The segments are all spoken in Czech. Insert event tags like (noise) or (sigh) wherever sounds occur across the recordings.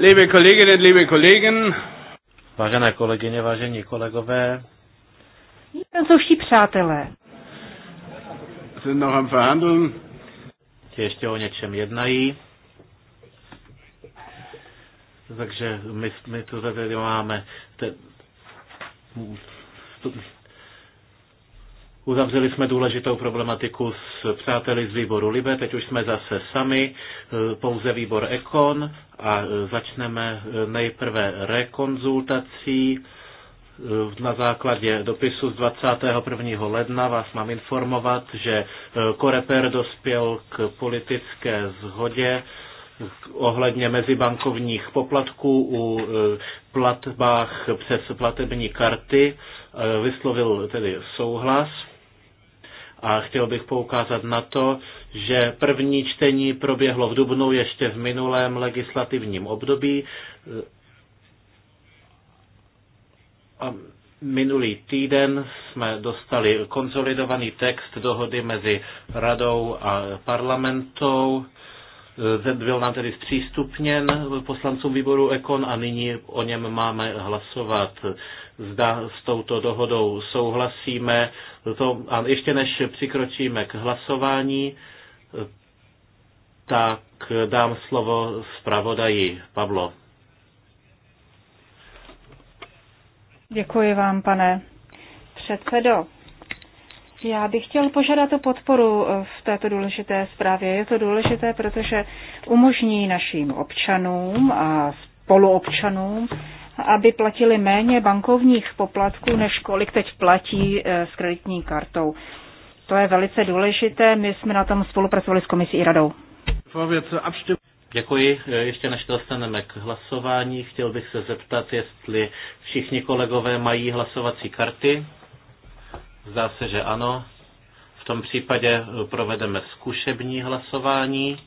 Liebe Kolleginnen, liebe Kollegen. Vážené kolegyně, vážení kolegové. Francouzští přátelé. Sind noch am verhandeln. Ještě o něčem jednají. Takže my, my tu tady máme te, Uzavřeli jsme důležitou problematiku s přáteli z výboru Libe, teď už jsme zase sami, e, pouze výbor Ekon a e, začneme e, nejprve rekonzultací. Na základě dopisu z 21. ledna vás mám informovat, že Koreper dospěl k politické zhodě ohledně mezibankovních poplatků u platbách přes platební karty vyslovil tedy souhlas a chtěl bych poukázat na to, že první čtení proběhlo v Dubnu ještě v minulém legislativním období. A minulý týden jsme dostali konsolidovaný text dohody mezi radou a parlamentou byl nám tedy zpřístupněn poslancům výboru Ekon a nyní o něm máme hlasovat. Zda s touto dohodou souhlasíme. To, a ještě než přikročíme k hlasování, tak dám slovo zpravodaji Pavlo. Děkuji vám, pane předsedo. Já bych chtěl požádat o podporu eh, v této důležité zprávě. Je to důležité, protože umožní našim občanům a spoluobčanům, aby platili méně bankovních poplatků, než kolik teď platí eh, s kreditní kartou. To je velice důležité. My jsme na tom spolupracovali s komisí i radou. Děkuji. Eh, ještě než dostaneme k hlasování, chtěl bych se zeptat, jestli všichni kolegové mají hlasovací karty. Zdá se, že ano. V tom případě eh, provedeme zkušební hlasování,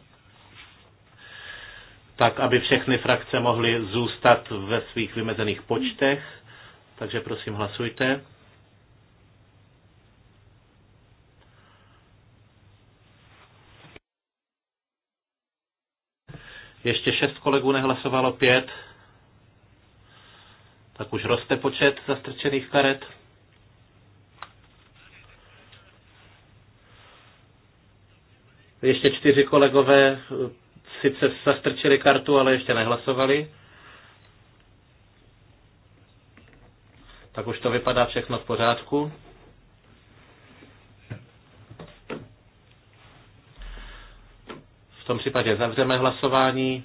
tak aby všechny frakce mohly zůstat ve svých vymezených počtech. Takže prosím, hlasujte. Ještě šest kolegů nehlasovalo pět. Tak už roste počet zastrčených karet. Ještě čtyři kolegové eh, sice zastrčili kartu, ale ještě nehlasovali. Tak už to vypadá všechno v pořádku. V tom případě zavřeme hlasování.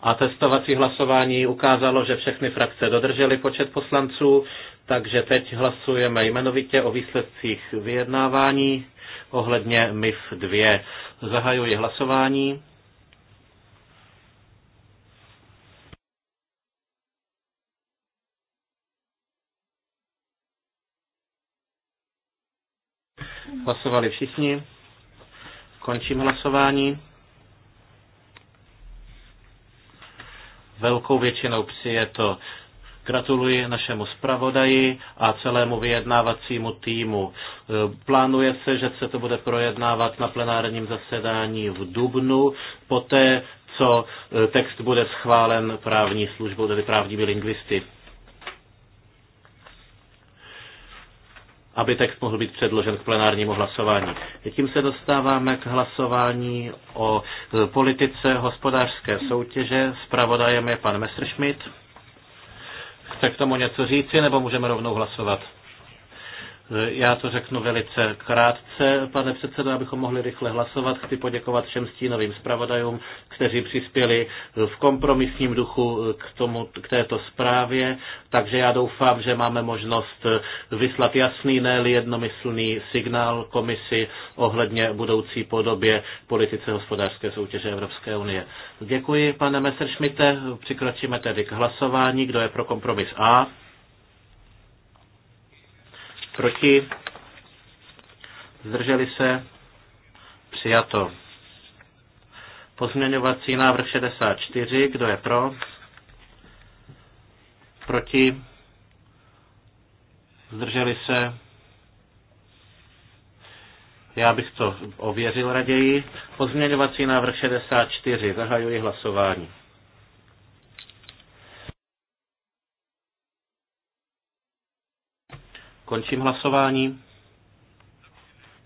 A testovací hlasování ukázalo, že všechny frakce dodržely počet poslanců, takže teď hlasujeme jmenovitě o výsledcích vyjednávání ohledně MIF 2. Zahajuji hlasování. Hlasovali všichni. Končím hlasování. Velkou většinou přijeto. Gratuluji našemu zpravodaji a celému vyjednávacímu týmu. E, plánuje se, že se to bude projednávat na plenárním zasedání v Dubnu, poté co e, text bude schválen právní službou, tedy právními lingvisty. aby text mohl být předložen k plenárnímu hlasování. Tím se dostáváme k hlasování o e, politice hospodářské soutěže. Spravodajem je pan Messerschmidt chce k tomu něco říci, nebo můžeme rovnou hlasovat? Já to řeknu velice krátce, pane předsedo, abychom mohli rychle hlasovat. Chci poděkovat všem stínovým zpravodajům, kteří přispěli v kompromisním duchu k, tomu, k této zprávě, takže já doufám, že máme možnost vyslat jasný, ne jednomyslný signál komisi ohledně budoucí podobě politice hospodářské soutěže Evropské unie. Děkuji, pane Messerschmitte, přikročíme tedy k hlasování. Kdo je pro kompromis A? Proti? Zdrželi se? Přijato. Pozměňovací návrh 64. Kdo je pro? Proti? Zdrželi se? Já bych to ověřil raději. Pozměňovací návrh 64. Zahajuji hlasování. Končím hlasování.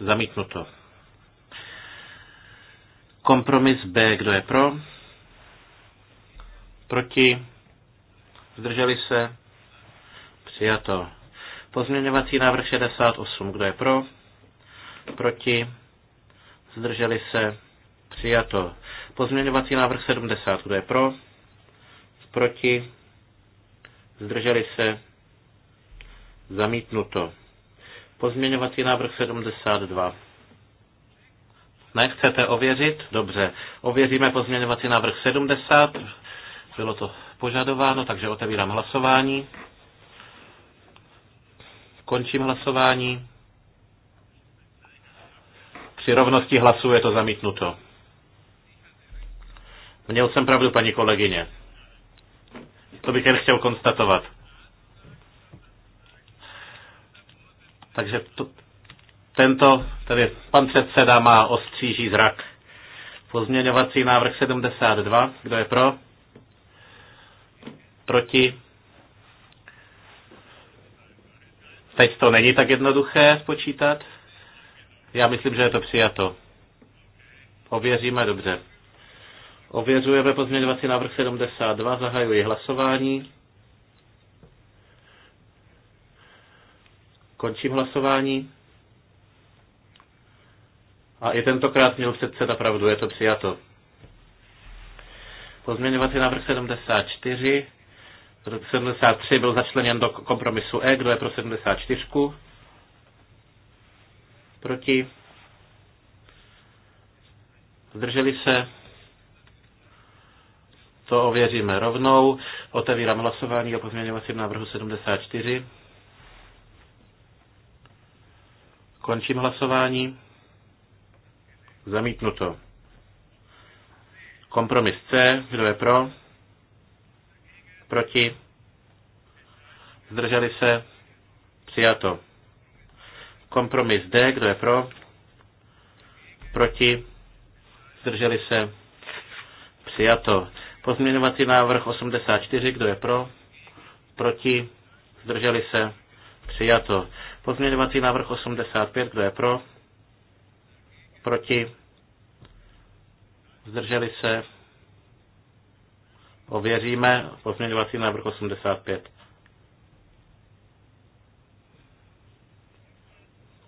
Zamítnuto. Kompromis B, kdo je pro? Proti? Zdrželi se? Přijato. Pozměňovací návrh 68, kdo je pro? Proti? Zdrželi se? Přijato. Pozměňovací návrh 70, kdo je pro? Proti? Zdrželi se? Zamítnuto. Pozměňovací návrh 72. Nechcete ověřit? Dobře. Ověříme pozměňovací návrh 70. Bylo to požadováno, takže otevírám hlasování. Končím hlasování. Při rovnosti hlasů je to zamítnuto. Měl jsem pravdu, paní kolegyně. To bych jen chtěl konstatovat. Takže to, tento, tedy pan předseda má ostříží zrak. Pozměňovací návrh 72, kdo je pro? Proti? Teď to není tak jednoduché spočítat. Já myslím, že je to přijato. Ověříme dobře. Ověřujeme pozměňovací návrh 72, zahajuji hlasování. Končím hlasování. A i tentokrát měl předseda pravdu, je to přijato. Pozměňovací návrh 74. 73 byl začleněn do kompromisu E. Kdo je pro 74? Proti? Zdrželi se? To ověříme rovnou. Otevírám hlasování o pozměňovacím návrhu 74. Končím hlasování. Zamítnuto. Kompromis C. Kdo je pro? Proti? Zdrželi se? Přijato. Kompromis D. Kdo je pro? Proti? Zdrželi se? Přijato. Pozměňovací návrh 84. Kdo je pro? Proti? Zdrželi se? Přijato. Pozměňovací návrh 85, kdo je pro? Proti? Zdrželi se? Ověříme pozměňovací návrh 85.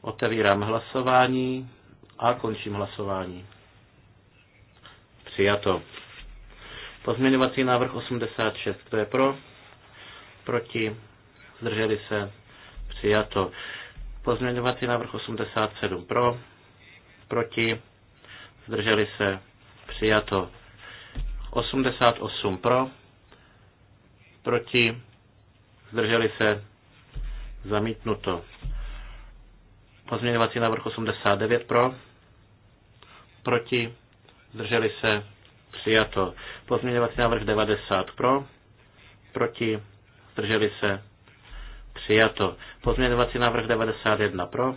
Otevírám hlasování a končím hlasování. Přijato. Pozměňovací návrh 86. Kdo je pro? Proti? Zdrželi se? Přijato. Pozměňovací návrh 87 pro, proti, zdrželi se, přijato. 88 pro, proti, zdrželi se, zamítnuto. Pozměňovací návrh 89 pro, proti, zdrželi se, přijato. Pozměňovací návrh 90 pro, proti, zdrželi se, Přijato. Pozměňovací návrh 91 pro.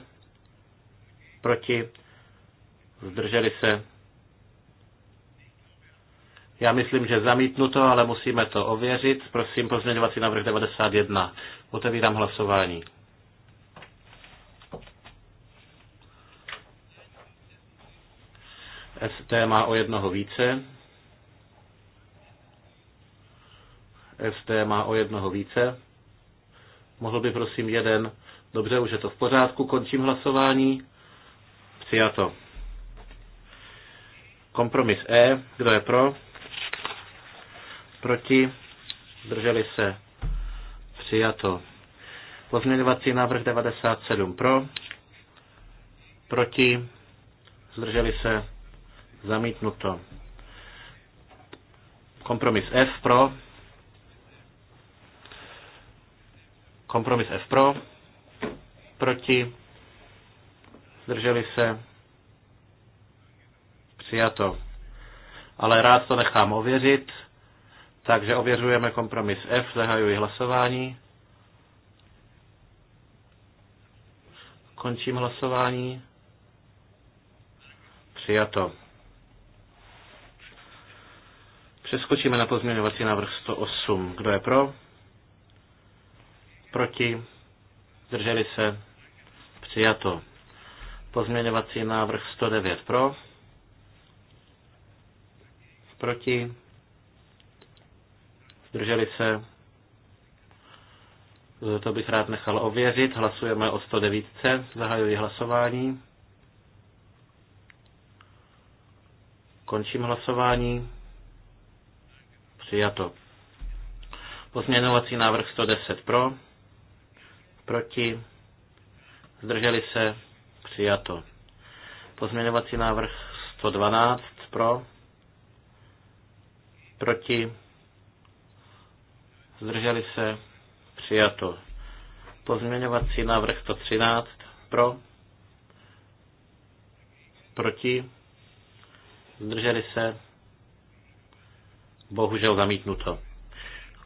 Proti. Zdrželi se. Já myslím, že zamítnuto, ale musíme to ověřit. Prosím, pozměňovací návrh 91. Otevírám hlasování. ST má o jednoho více. ST má o jednoho více. Mohl by prosím jeden. Dobře, už je to v pořádku, končím hlasování. Přijato. Kompromis E, kdo je pro? Proti? Drželi se? Přijato. Pozměňovací návrh 97 pro? Proti? Zdrželi se? Zamítnuto. Kompromis F pro? Kompromis F pro, proti, zdrželi se, přijato. Ale rád to nechám ověřit, takže ověřujeme kompromis F, zahajuji hlasování. Končím hlasování. Přijato. Přeskočíme na pozměňovací návrh 108. Kdo je pro? proti, zdrželi se, přijato. Pozměňovací návrh 109 pro, proti, zdrželi se, to bych rád nechal ověřit. Hlasujeme o 109. Zahajuji hlasování. Končím hlasování. Přijato. Pozměňovací návrh 110 pro. Proti? Zdrželi se? Přijato. Pozměňovací návrh 112 pro? Proti? Zdrželi se? Přijato. Pozměňovací návrh 113 pro? Proti? Zdrželi se? Bohužel zamítnuto.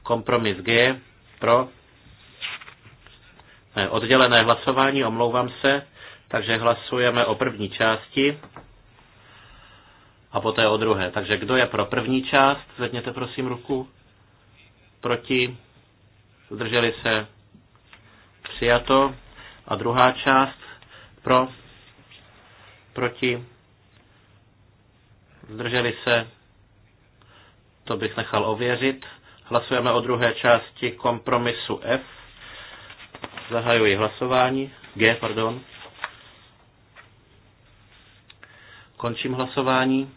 Kompromis G pro? Eh, oddělené hlasování, omlouvám se, takže hlasujeme o první části a poté o druhé. Takže kdo je pro první část, zvedněte prosím ruku. Proti, zdrželi se, přijato. A druhá část, pro, proti, zdrželi se, to bych nechal ověřit. Hlasujeme o druhé části kompromisu F. Zahajuji hlasování. G, pardon. Končím hlasování.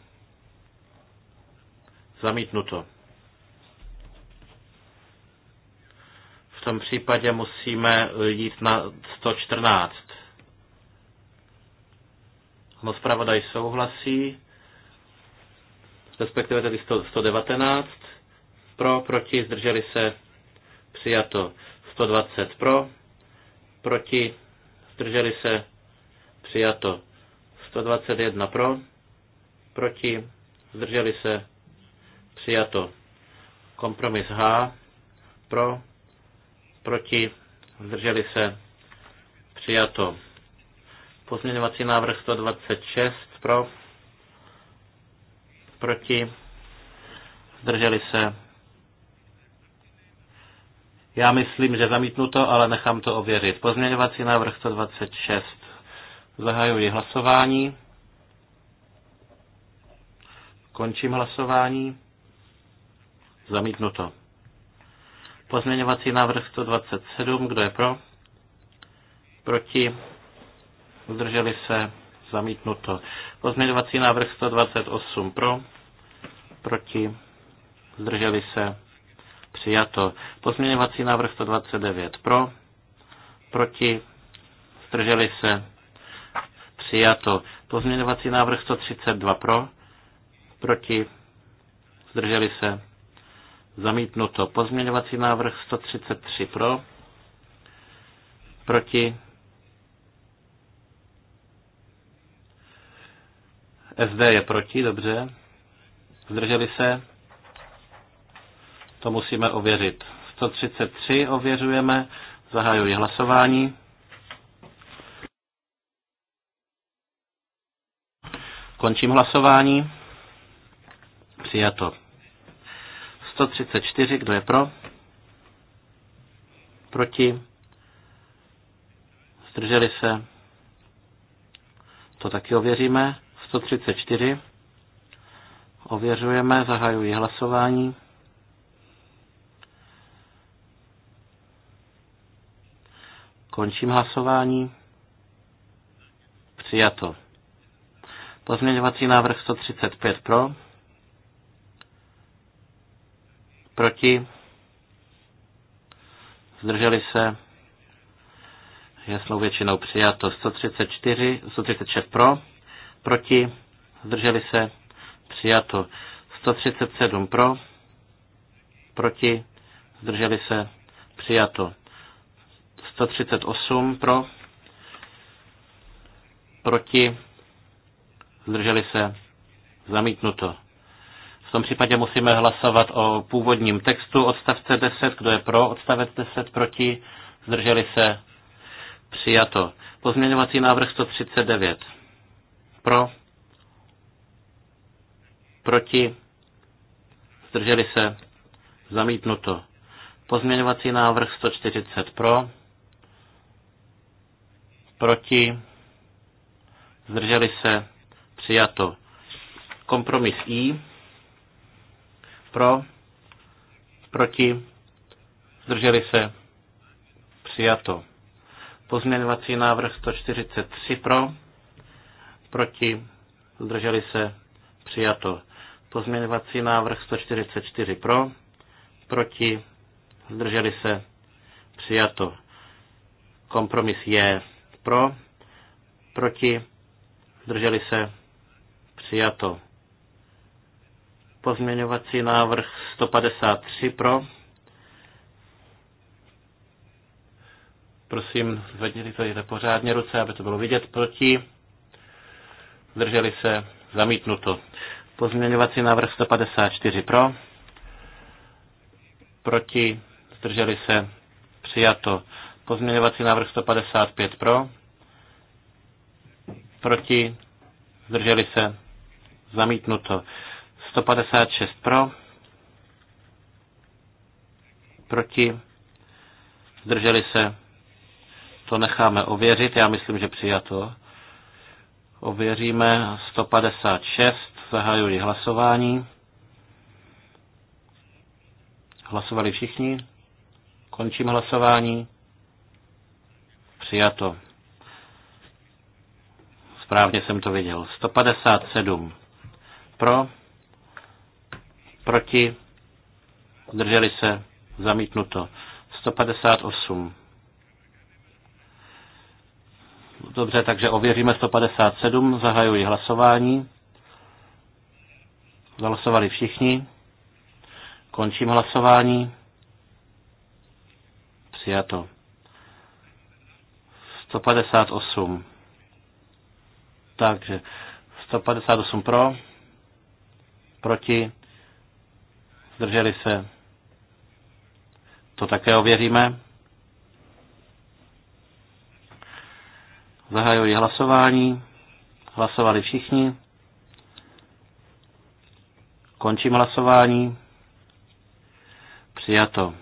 Zamítnuto. V tom případě musíme jít na 114. No, zpravodaj souhlasí, respektive tedy 100, 119. Pro, proti, zdrželi se, přijato 120 pro, proti, zdrželi se, přijato. 121 pro, proti, zdrželi se, přijato. Kompromis H, pro, proti, zdrželi se, přijato. Pozměňovací návrh 126 pro, proti, zdrželi se, já myslím, že zamítnu to, ale nechám to ověřit. Pozměňovací návrh 126. Zahajuji hlasování. Končím hlasování. Zamítnuto. Pozměňovací návrh 127. Kdo je pro? Proti? Zdrželi se? Zamítnuto. Pozměňovací návrh 128. Pro? Proti? Zdrželi se? Přijato. Pozměňovací návrh 129 pro, proti, zdrželi se. Přijato. Pozměňovací návrh 132 pro, proti, zdrželi se. Zamítnuto. Pozměňovací návrh 133 pro, proti, SD je proti, dobře. Zdrželi se. To musíme ověřit. 133 ověřujeme. Zahajuji hlasování. Končím hlasování. Přijato. 134, kdo je pro? Proti? Zdrželi se? To taky ověříme. 134. Ověřujeme, zahajuji hlasování. Končím hlasování. Přijato. Pozměňovací návrh 135 pro. Proti. Zdrželi se. Jasnou většinou přijato. 134, 136 pro. Proti. Zdrželi se. Přijato. 137 pro. Proti. Zdrželi se. Přijato. 138 pro, proti, zdrželi se, zamítnuto. V tom případě musíme hlasovat o původním textu odstavce 10, kdo je pro, odstavec 10 proti, zdrželi se, přijato. Pozměňovací návrh 139. Pro, proti, zdrželi se, zamítnuto. Pozměňovací návrh 140 pro, proti, zdrželi se, přijato. Kompromis I, pro, proti, zdrželi se, přijato. Pozměňovací návrh 143 pro, proti, zdrželi se, přijato. Pozměňovací návrh 144 pro, proti, zdrželi se, přijato. Kompromis je pro, proti, zdrželi se, přijato. Pozměňovací návrh 153 pro, prosím, zvedněte pořádně ruce, aby to bylo vidět, proti, zdrželi se, zamítnuto. Pozměňovací návrh 154 pro, proti, zdrželi se, přijato. Pozměňovací návrh 155 pro. Proti. Zdrželi se. Zamítnuto. 156 pro. Proti. Zdrželi se. To necháme ověřit. Já myslím, že přijato. Ověříme 156. Zahajuji hlasování. Hlasovali všichni. Končím hlasování. Přijato. Správně jsem to viděl. 157. Pro. Proti. Drželi se. Zamítnuto. 158. Dobře, takže ověříme 157. Zahajuji hlasování. Hlasovali všichni. Končím hlasování. Přijato. 158. Takže 158 pro, proti, zdrželi se. To také ověříme. Zahajuji hlasování. Hlasovali všichni. Končím hlasování. Přijato.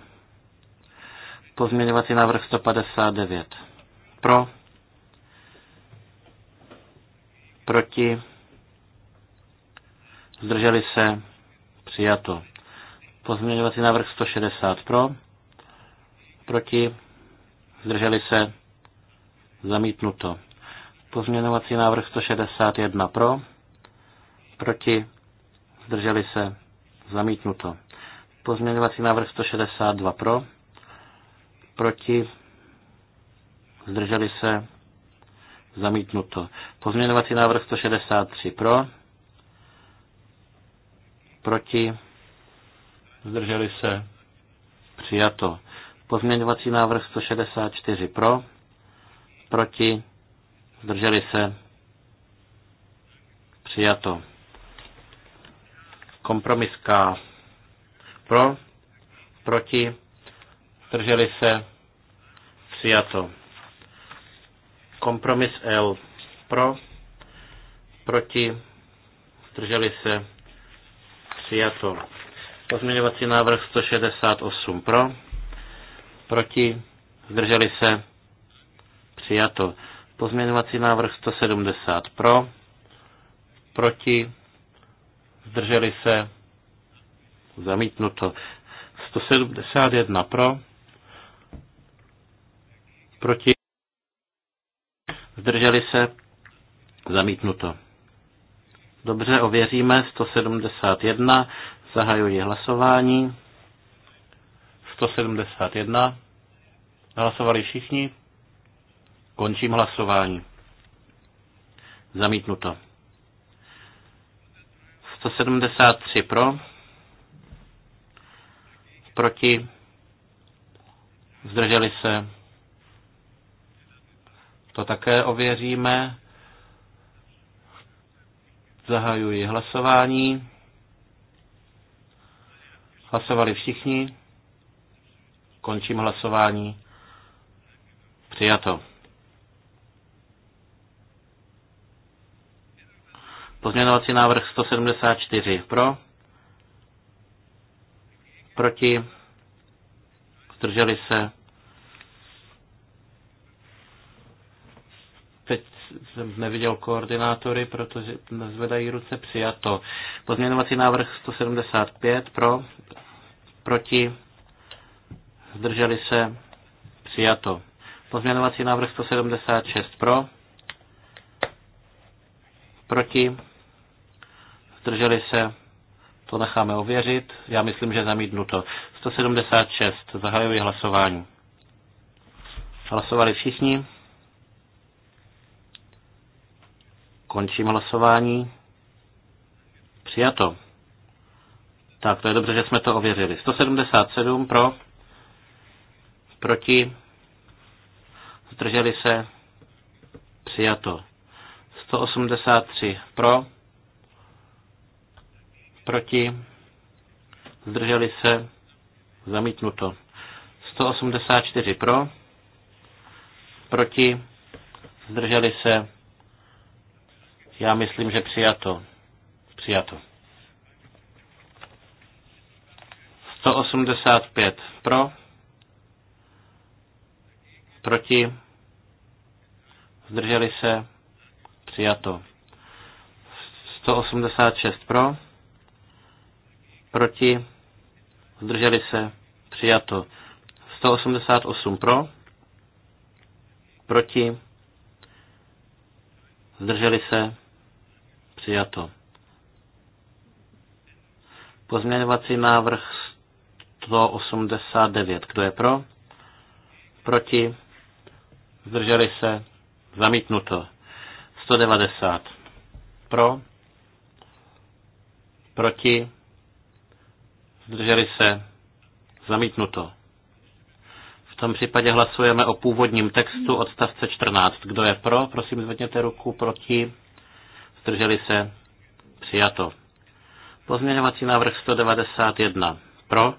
Pozměňovací návrh 159 pro, proti, zdrželi se, přijato. Pozměňovací návrh 160 pro, proti, zdrželi se, zamítnuto. Pozměňovací návrh 161 pro, proti, zdrželi se, zamítnuto. Pozměňovací návrh 162 pro, proti, zdrželi se, zamítnuto. Pozměňovací návrh 163 pro, proti, zdrželi se, přijato. Pozměňovací návrh 164 pro, proti, zdrželi se, přijato. Kompromis K. Pro, proti, zdrželi se, přijato. Kompromis L pro, proti, zdrželi se, přijato. Pozměňovací návrh 168 pro, proti, zdrželi se, přijato. Pozměňovací návrh 170 pro, proti, zdrželi se, zamítnuto. 171 pro, proti, Zdrželi se? Zamítnuto. Dobře, ověříme 171. Zahajuji hlasování. 171. Hlasovali všichni? Končím hlasování. Zamítnuto. 173 pro. Proti. Zdrželi se. To také ověříme. Zahajuji hlasování. Hlasovali všichni. Končím hlasování. Přijato. Pozměňovací návrh 174 pro, proti, zdrželi se, jsem neviděl koordinátory, protože nezvedají ruce přijato. Pozměňovací návrh 175 pro, proti, zdrželi se, přijato. Pozměňovací návrh 176 pro, proti, zdrželi se, to necháme ověřit, já myslím, že zamítnuto. 176, zahajuji hlasování. Hlasovali všichni. Končím hlasování. Přijato. Tak, to je dobře, že jsme to ověřili. 177 pro, proti, zdrželi se, přijato. 183 pro, proti, zdrželi se, zamítnuto. 184 pro, proti, zdrželi se, já myslím, že přijato. Přijato. 185 pro, proti, zdrželi se, přijato. 186 pro, proti, zdrželi se, přijato. 188 pro, proti, zdrželi se, Přijato. Pozměňovací návrh 189. Kdo je pro? Proti? Zdrželi se? Zamítnuto. 190. Pro? Proti? Zdrželi se? Zamítnuto. V tom případě hlasujeme o původním textu odstavce 14. Kdo je pro? Prosím, zvedněte ruku. Proti? zdrželi se, přijato. Pozměňovací návrh 191. Pro?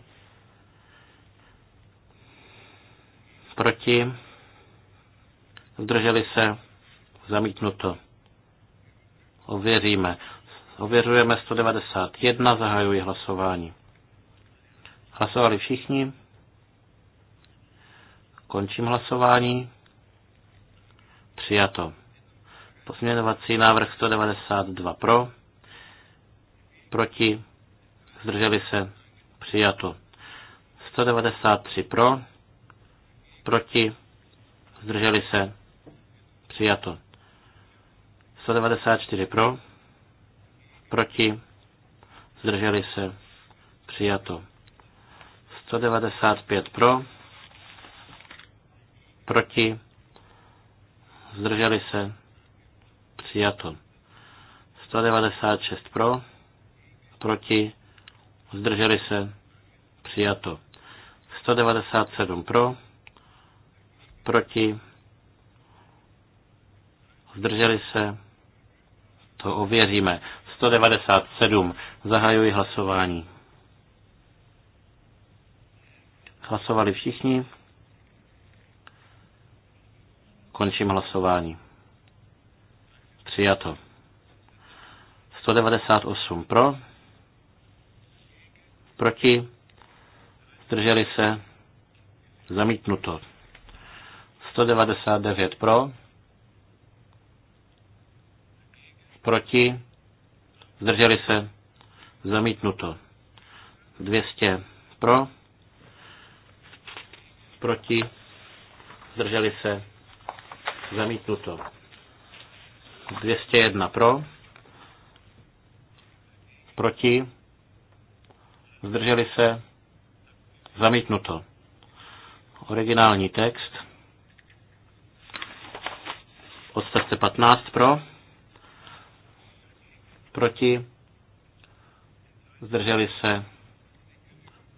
Proti? Zdrželi se? Zamítnuto. Ověříme. Ověřujeme 191, zahajuji hlasování. Hlasovali všichni? Končím hlasování. Přijato. Pozměňovací návrh 192 pro, proti, zdrželi se, přijato. 193 pro, proti, zdrželi se, přijato. 194 pro, proti, zdrželi se, přijato. 195 pro, proti, zdrželi se, Přijato. 196 pro, proti, zdrželi se, přijato. 197 pro, proti, zdrželi se, to ověříme. 197. Zahajuji hlasování. Hlasovali všichni. Končím hlasování. Přijato. 198 pro. Proti. Zdrželi se. Zamítnuto. 199 pro. Proti. Zdrželi se. Zamítnuto. 200 pro. Proti. Zdrželi se. Zamítnuto. 201 pro, proti, zdrželi se, zamítnuto. Originální text, odstavce 15 pro, proti, zdrželi se,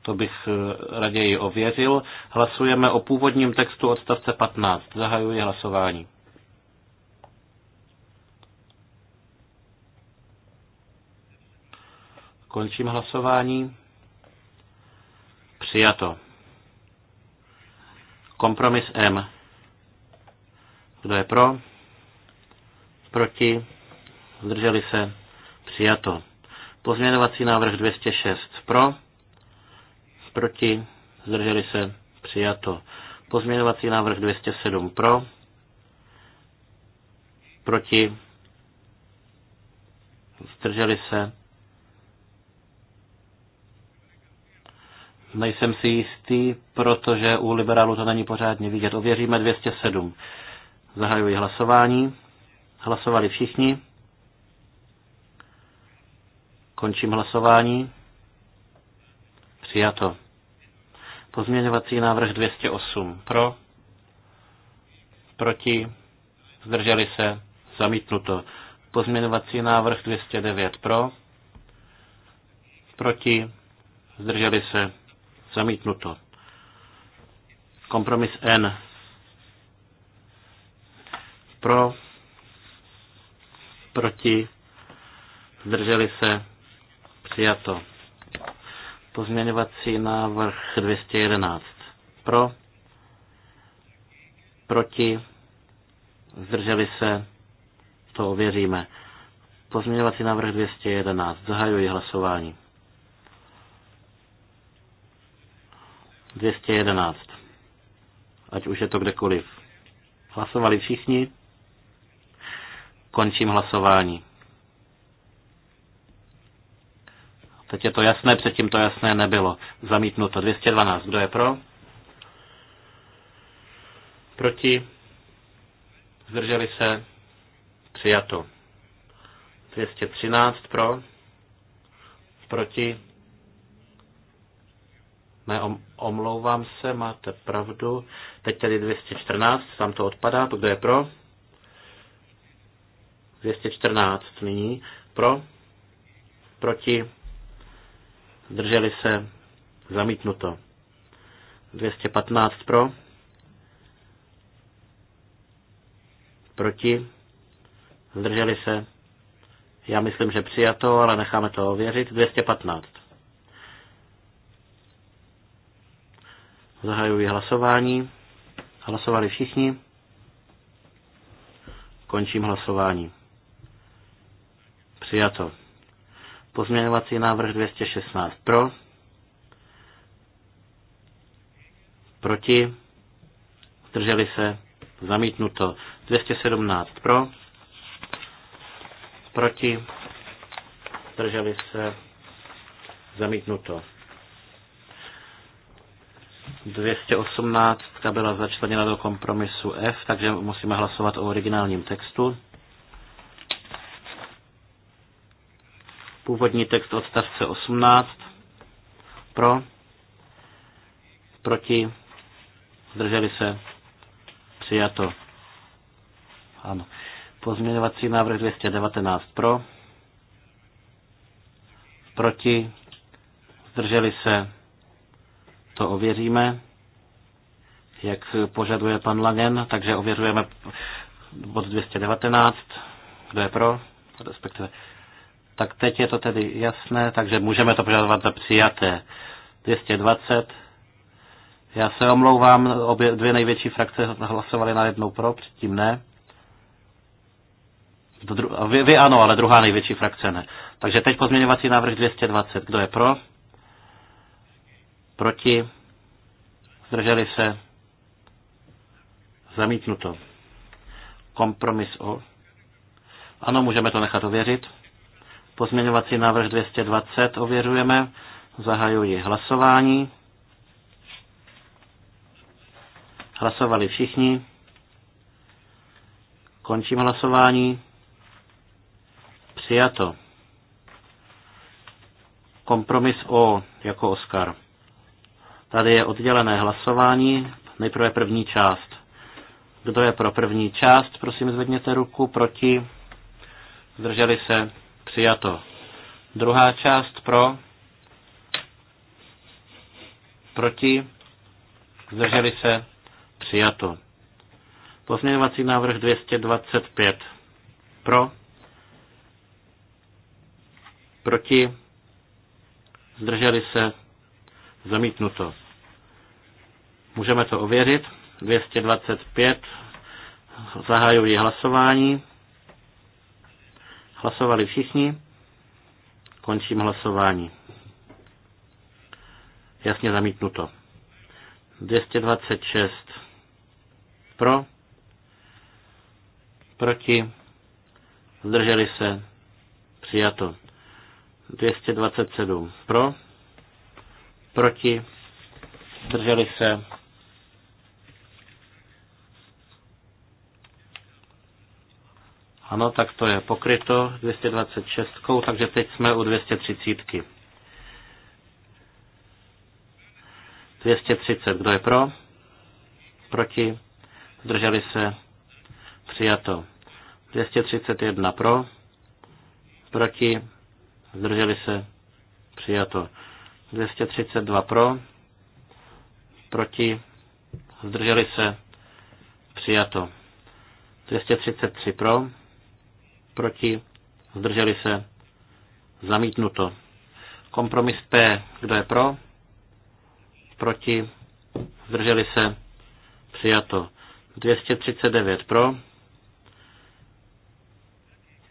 to bych eh, raději ověřil. Hlasujeme o původním textu odstavce 15. Zahajuji hlasování. Končím hlasování. Přijato. Kompromis M. Kdo je pro? Proti? Zdrželi se? Přijato. Pozměňovací návrh 206. Pro? Proti? Zdrželi se? Přijato. Pozměňovací návrh 207. Pro? Proti? Zdrželi se? Nejsem si jistý, protože u liberálů to není pořádně vidět. Ověříme 207. Zahajuji hlasování. Hlasovali všichni. Končím hlasování. Přijato. Pozměňovací návrh 208. Pro. Proti. Zdrželi se. Zamítnuto. Pozměňovací návrh 209. Pro. Proti. Zdrželi se. Zamítnuto. Kompromis N. Pro. Proti. Zdrželi se. Přijato. Pozměňovací návrh 211. Pro. Proti. Zdrželi se. To ověříme. Pozměňovací návrh 211. Zahajuji hlasování. 211. Ať už je to kdekoliv. Hlasovali všichni? Končím hlasování. Teď je to jasné, předtím to jasné nebylo. Zamítnuto 212. Kdo je pro? Proti? Zdrželi se? Přijato. 213 pro? Proti? Ne, omlouvám se, máte pravdu. Teď tady 214, tam to odpadá, to kdo je pro? 214 nyní. Pro? Proti? Drželi se? Zamítnuto. 215 pro? Proti? Zdrželi se? Já myslím, že přijato, ale necháme to ověřit. 215. Zahajuji hlasování. Hlasovali všichni. Končím hlasování. Přijato. Pozměňovací návrh 216 pro. Proti. Zdrželi se. Zamítnuto. 217 pro. Proti. Zdrželi se. Zamítnuto. 218 byla začleněna do kompromisu F, takže musíme hlasovat o originálním textu. Původní text odstavce 18. Pro. Proti. Zdrželi se. Přijato. Ano. Pozměňovací návrh 219 pro. Proti. Zdrželi se. To ověříme, jak požaduje pan Langen, takže ověřujeme bod 219, kdo je pro, respektive. Tak teď je to tedy jasné, takže můžeme to požadovat za přijaté. 220. Já se omlouvám, obě dvě největší frakce hlasovaly na jednou pro, předtím ne. Vy, vy ano, ale druhá největší frakce ne. Takže teď pozměňovací návrh 220. Kdo je pro? Proti? Zdrželi se? Zamítnuto. Kompromis O. Ano, můžeme to nechat ověřit. Pozměňovací návrh 220 ověřujeme. Zahajuji hlasování. Hlasovali všichni. Končím hlasování. Přijato. Kompromis O jako Oscar. Tady je oddělené hlasování, nejprve první část. Kdo je pro první část, prosím zvedněte ruku, proti, zdrželi se, přijato. Druhá část pro, proti, zdrželi se, přijato. Pozměňovací návrh 225 pro, proti, zdrželi se, Zamítnuto. Můžeme to ověřit. 225. Zahajuji hlasování. Hlasovali všichni. Končím hlasování. Jasně zamítnuto. 226 pro, proti, zdrželi se, přijato. 227 pro, proti, zdrželi se, Ano, tak to je pokryto 226, takže teď jsme u 230. 230, kdo je pro? Proti? Zdrželi se? Přijato. 231 pro? Proti? Zdrželi se? Přijato. 232 pro, proti, zdrželi se, přijato. 233 pro, proti, zdrželi se, zamítnuto. Kompromis P, kdo je pro, proti, zdrželi se, přijato. 239 pro,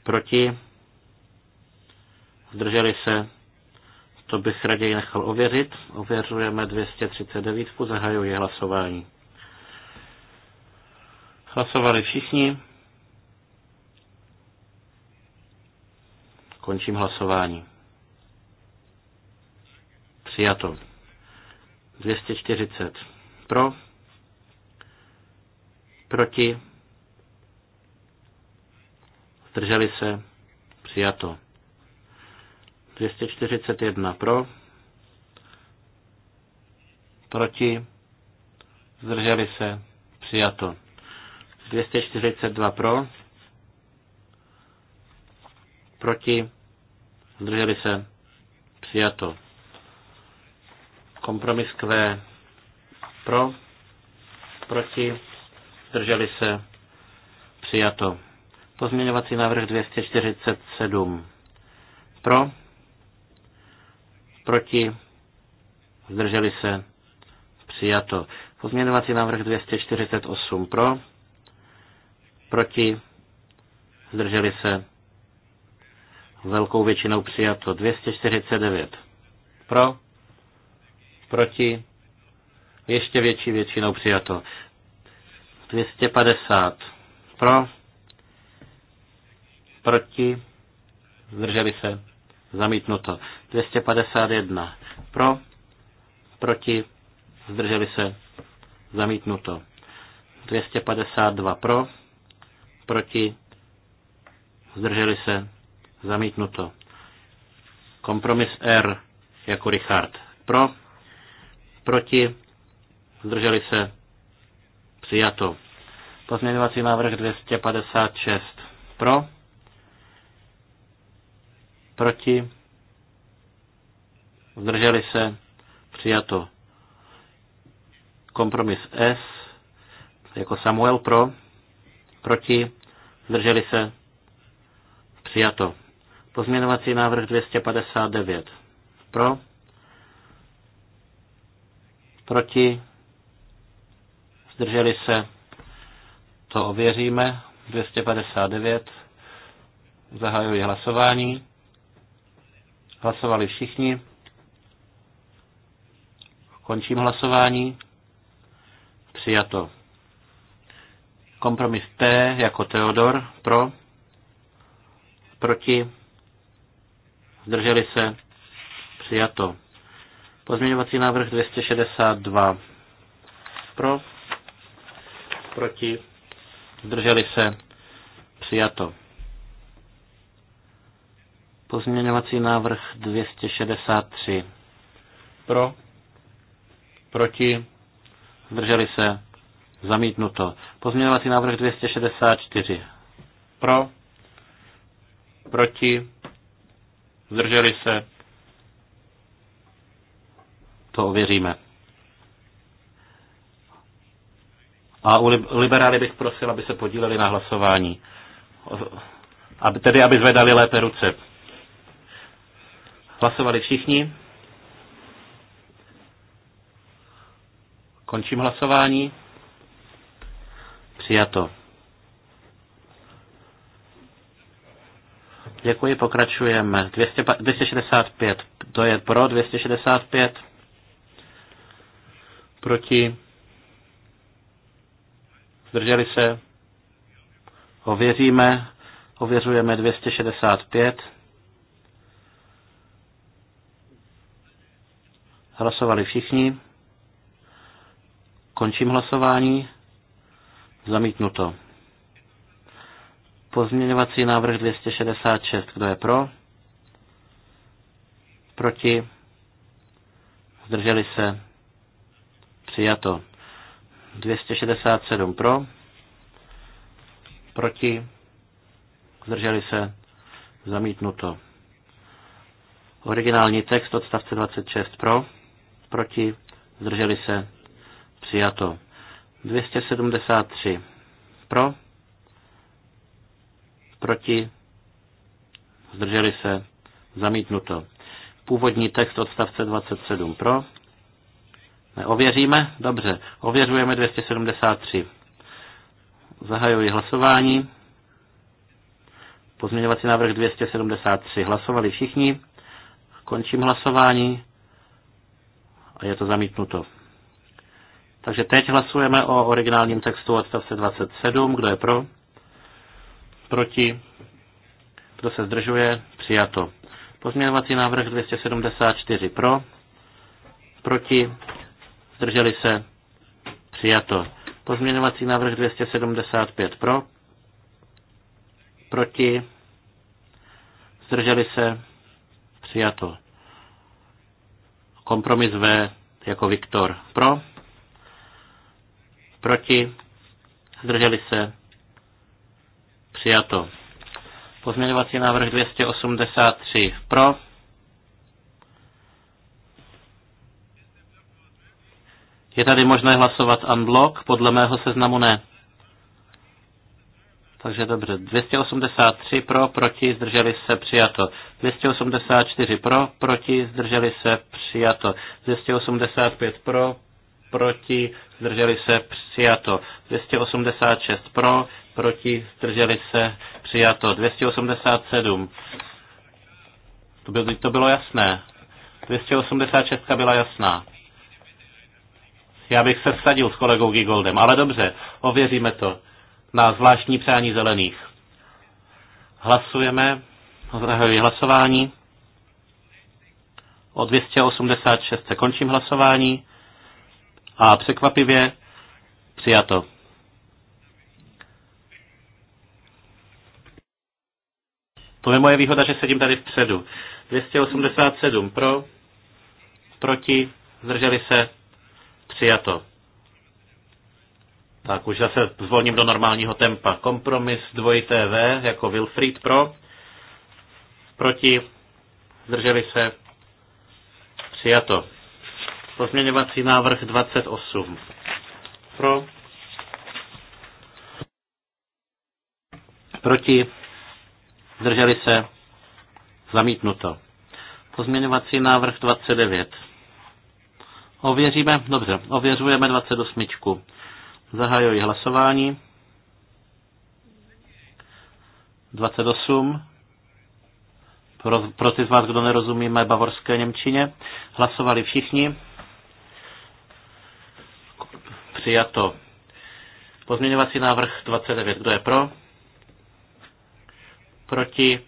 proti, zdrželi se, to bych raději nechal ověřit. Ověřujeme 239, zahajuji hlasování. Hlasovali všichni. Končím hlasování. Přijato. 240 pro, proti, zdrželi se, přijato. 241 pro, proti, zdrželi se, přijato. 242 pro, proti, zdrželi se, přijato. Kompromis Q pro, proti, zdrželi se, přijato. Pozměňovací návrh 247 pro, Proti? Zdrželi se? Přijato. Pozměňovací návrh 248 pro? Proti? Zdrželi se? Velkou většinou přijato. 249 pro? Proti? Ještě větší většinou přijato. 250 pro? Proti? Zdrželi se? Zamítnuto. 251 pro, proti, zdrželi se, zamítnuto. 252 pro, proti, zdrželi se, zamítnuto. Kompromis R jako Richard. Pro, proti, zdrželi se, přijato. Pozměňovací návrh 256. Pro, Proti? Zdrželi se? Přijato. Kompromis S jako Samuel pro, proti, zdrželi se, přijato. Pozměnovací návrh 259 pro, proti, zdrželi se, to ověříme, 259, zahajuji hlasování. Hlasovali všichni. Končím hlasování. Přijato. Kompromis T jako Teodor. Pro. Proti. Zdrželi se. Přijato. Pozměňovací návrh 262. Pro. Proti. Zdrželi se. Přijato. Pozměňovací návrh 263. Pro? Proti? Zdrželi se? Zamítnuto. Pozměňovací návrh 264. Pro? Proti? Zdrželi se? To ověříme. A u liberály bych prosil, aby se podíleli na hlasování. Aby, tedy, aby zvedali lépe ruce. Hlasovali všichni? Končím hlasování. Přijato. Děkuji, pokračujeme. 265. To je pro 265. Proti. Zdrželi se. Ověříme. Ověřujeme 265. Hlasovali všichni. Končím hlasování. Zamítnuto. Pozměňovací návrh 266. Kdo je pro? Proti? Zdrželi se? Přijato. 267 pro? Proti? Zdrželi se? Zamítnuto. Originální text odstavce 26 pro? proti, zdrželi se, přijato. 273 pro, proti, zdrželi se, zamítnuto. Původní text odstavce 27 pro. Ne, ověříme? Dobře. Ověřujeme 273. Zahajuji hlasování. Pozměňovací návrh 273. Hlasovali všichni. Končím hlasování a je to zamítnuto. Takže teď hlasujeme o originálním textu odstavce 27. Kdo je pro? Proti? Kdo se zdržuje? Přijato. Pozměňovací návrh 274 pro, proti, zdrželi se, přijato. Pozměňovací návrh 275 pro, proti, zdrželi se, přijato. Kompromis V jako Viktor pro, proti, zdrželi se, přijato. Pozměňovací návrh 283 pro, Je tady možné hlasovat unblock? Podle mého seznamu ne. Takže dobře, 283 pro, proti, zdrželi se, přijato. 284 pro, proti, zdrželi se, přijato. 285 pro, proti, zdrželi se, přijato. 286 pro, proti, zdrželi se, přijato. 287. To bylo, to bylo jasné. 286 byla jasná. Já bych se vsadil s kolegou Gigoldem, ale dobře, ověříme to na zvláštní přání zelených. Hlasujeme, zahajuji hlasování. O 286 se končím hlasování a překvapivě přijato. To je moje výhoda, že sedím tady vpředu. 287 pro, proti, zdrželi se, přijato. Tak už zase zvolním do normálního tempa. Kompromis 2 TV jako Wilfried pro. Proti. Zdrželi se. Přijato. Pozměňovací návrh 28. Pro. Proti. Zdrželi se. Zamítnuto. Pozměňovací návrh 29. Ověříme, dobře, ověřujeme 28. Zahajuji hlasování. 28. Pro, pro ty z vás, kdo nerozumíme bavorské Němčině, hlasovali všichni. Přijato. Pozměňovací návrh 29. Kdo je pro? Proti?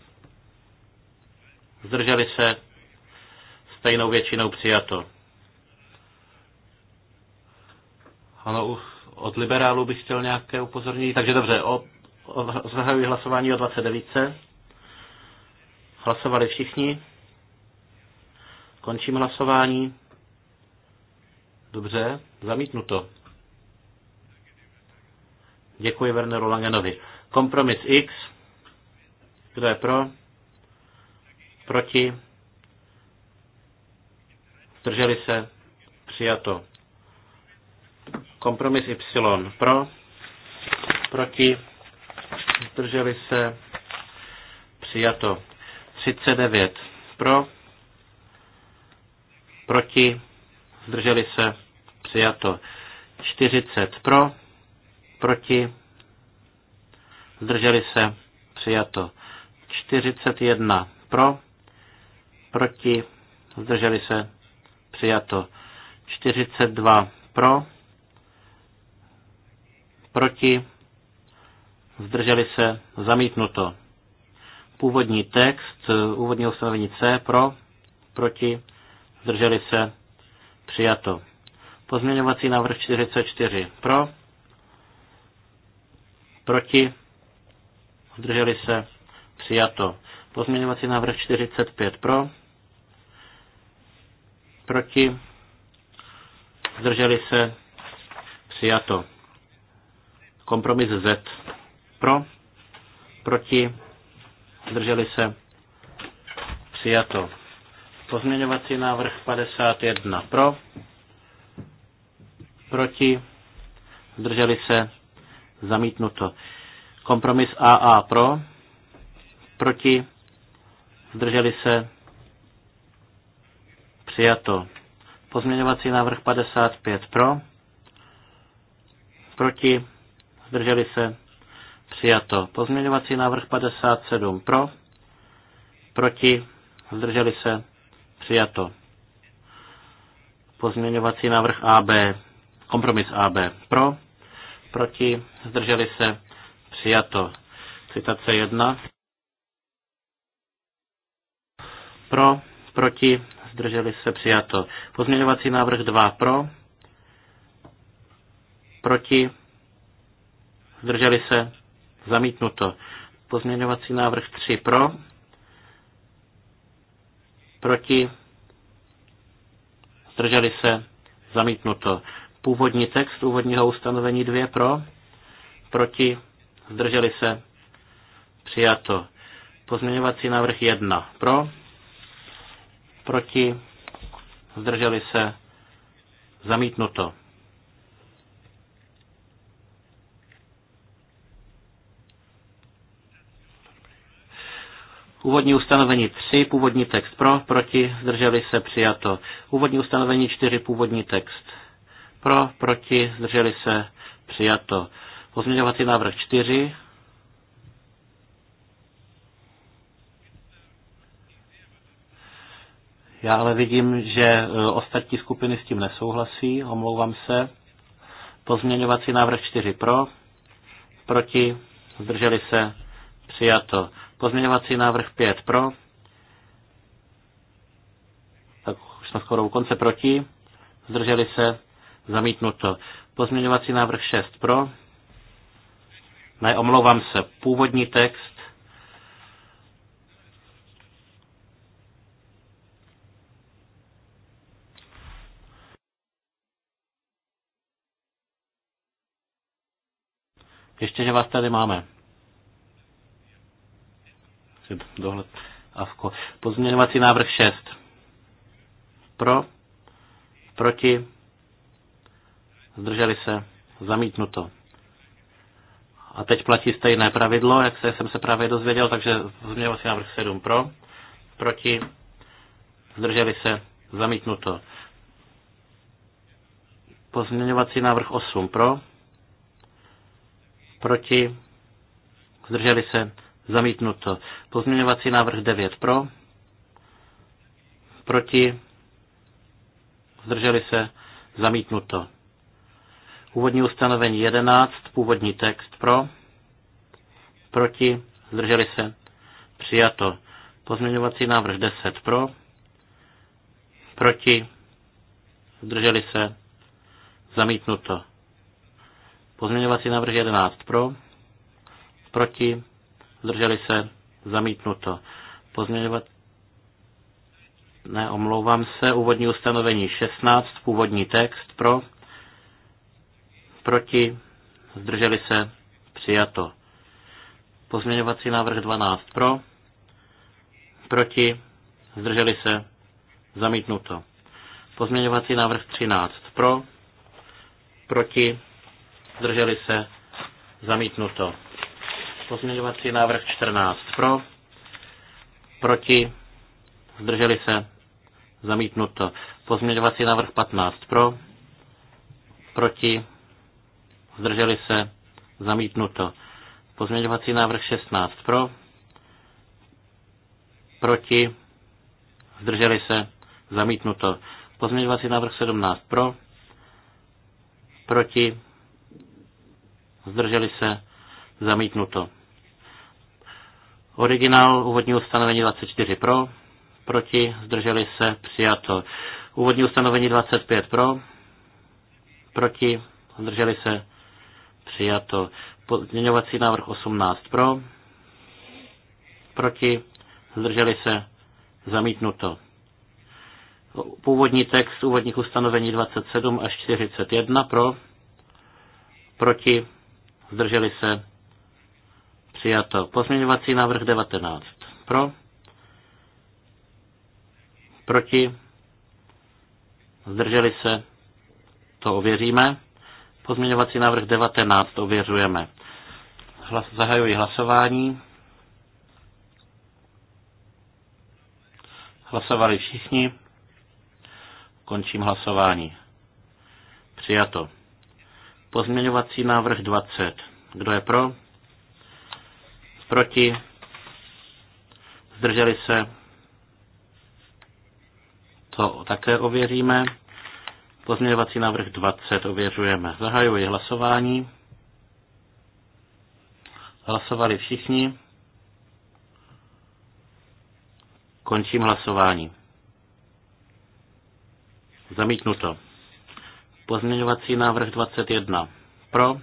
Zdrželi se? Stejnou většinou přijato. Ano, od liberálů bych chtěl nějaké upozornění. Takže dobře, o, o, zahajuji hlasování o 29. Hlasovali všichni. Končím hlasování. Dobře, zamítnuto. Děkuji Werneru Langenovi. Kompromis X. Kdo je pro? Proti? Zdrželi se? Přijato. Kompromis Y pro, proti, zdrželi se, přijato. 39 pro, proti, zdrželi se, přijato. 40 pro, proti, zdrželi se, přijato. 41 pro, proti, zdrželi se, přijato. 42 pro, proti, zdrželi se, zamítnuto. Původní text, úvodní ustanovení C, pro, proti, zdrželi se, přijato. Pozměňovací návrh 44, pro, proti, zdrželi se, přijato. Pozměňovací návrh 45, pro, proti, zdrželi se, přijato. Kompromis Z pro, proti, zdrželi se, přijato. Pozměňovací návrh 51 pro, proti, zdrželi se, zamítnuto. Kompromis AA pro, proti, zdrželi se, přijato. Pozměňovací návrh 55 pro, proti, zdrželi se, přijato. Pozměňovací návrh 57 pro, proti, zdrželi se, přijato. Pozměňovací návrh AB, kompromis AB pro, proti, zdrželi se, přijato. Citace 1. Pro, proti, zdrželi se, přijato. Pozměňovací návrh 2 pro, proti, zdrželi se, zamítnuto. Pozměňovací návrh 3 pro, proti, zdrželi se, zamítnuto. Původní text úvodního ustanovení 2 pro, proti, zdrželi se, přijato. Pozměňovací návrh 1 pro, proti, zdrželi se, zamítnuto. Úvodní ustanovení 3, původní text pro, proti, zdrželi se, přijato. Úvodní ustanovení 4, původní text pro, proti, zdrželi se, přijato. Pozměňovací návrh 4, Já ale vidím, že e, ostatní skupiny s tím nesouhlasí, omlouvám se. Pozměňovací návrh 4 pro, proti, zdrželi se, přijato. Pozměňovací návrh 5 pro. Tak už jsme skoro u konce proti. Zdrželi se. Zamítnuto. Pozměňovací návrh 6 pro. Ne, omlouvám se. Původní text. Ještě, že vás tady máme dohled AVKO. Pozměňovací návrh 6. Pro, proti, zdrželi se, zamítnuto. A teď platí stejné pravidlo, jak se, jsem se právě dozvěděl, takže pozměňovací návrh 7 pro, proti, zdrželi se, zamítnuto. Pozměňovací návrh 8 pro, proti, zdrželi se, Zamítnuto. Pozměňovací návrh 9 pro. Proti. Zdrželi se. Zamítnuto. Úvodní ustanovení 11. Původní text pro. Proti. Zdrželi se. Přijato. Pozměňovací návrh 10 pro. Proti. Zdrželi se. Zamítnuto. Pozměňovací návrh 11 pro. Proti zdrželi se, zamítnuto. Pozměňovat... Neomlouvám se, úvodní ustanovení 16, původní text pro, proti, zdrželi se, přijato. Pozměňovací návrh 12 pro, proti, zdrželi se, zamítnuto. Pozměňovací návrh 13 pro, proti, zdrželi se, zamítnuto. Pozměňovací návrh 14 pro, proti, zdrželi se, zamítnuto. Pozměňovací návrh 15 pro, proti, zdrželi se, zamítnuto. Pozměňovací návrh 16 pro, proti, zdrželi se, zamítnuto. Pozměňovací návrh 17 pro, proti, zdrželi se, zamítnuto. Originál úvodní ustanovení 24 pro, proti, zdrželi se, přijato. Úvodní ustanovení 25 pro, proti, zdrželi se, přijato. Pozměňovací návrh 18 pro, proti, zdrželi se, zamítnuto. Původní text úvodních ustanovení 27 až 41 pro, proti, zdrželi se, Přijato. Pozměňovací návrh 19. Pro? Proti? Zdrželi se? To ověříme. Pozměňovací návrh 19 ověřujeme. Hlas, zahajuji hlasování. Hlasovali všichni. Končím hlasování. Přijato. Pozměňovací návrh 20. Kdo je pro? Proti? Zdrželi se? To také ověříme. Pozměňovací návrh 20 ověřujeme. Zahajuji hlasování. Hlasovali všichni. Končím hlasování. Zamítnuto. Pozměňovací návrh 21. Pro.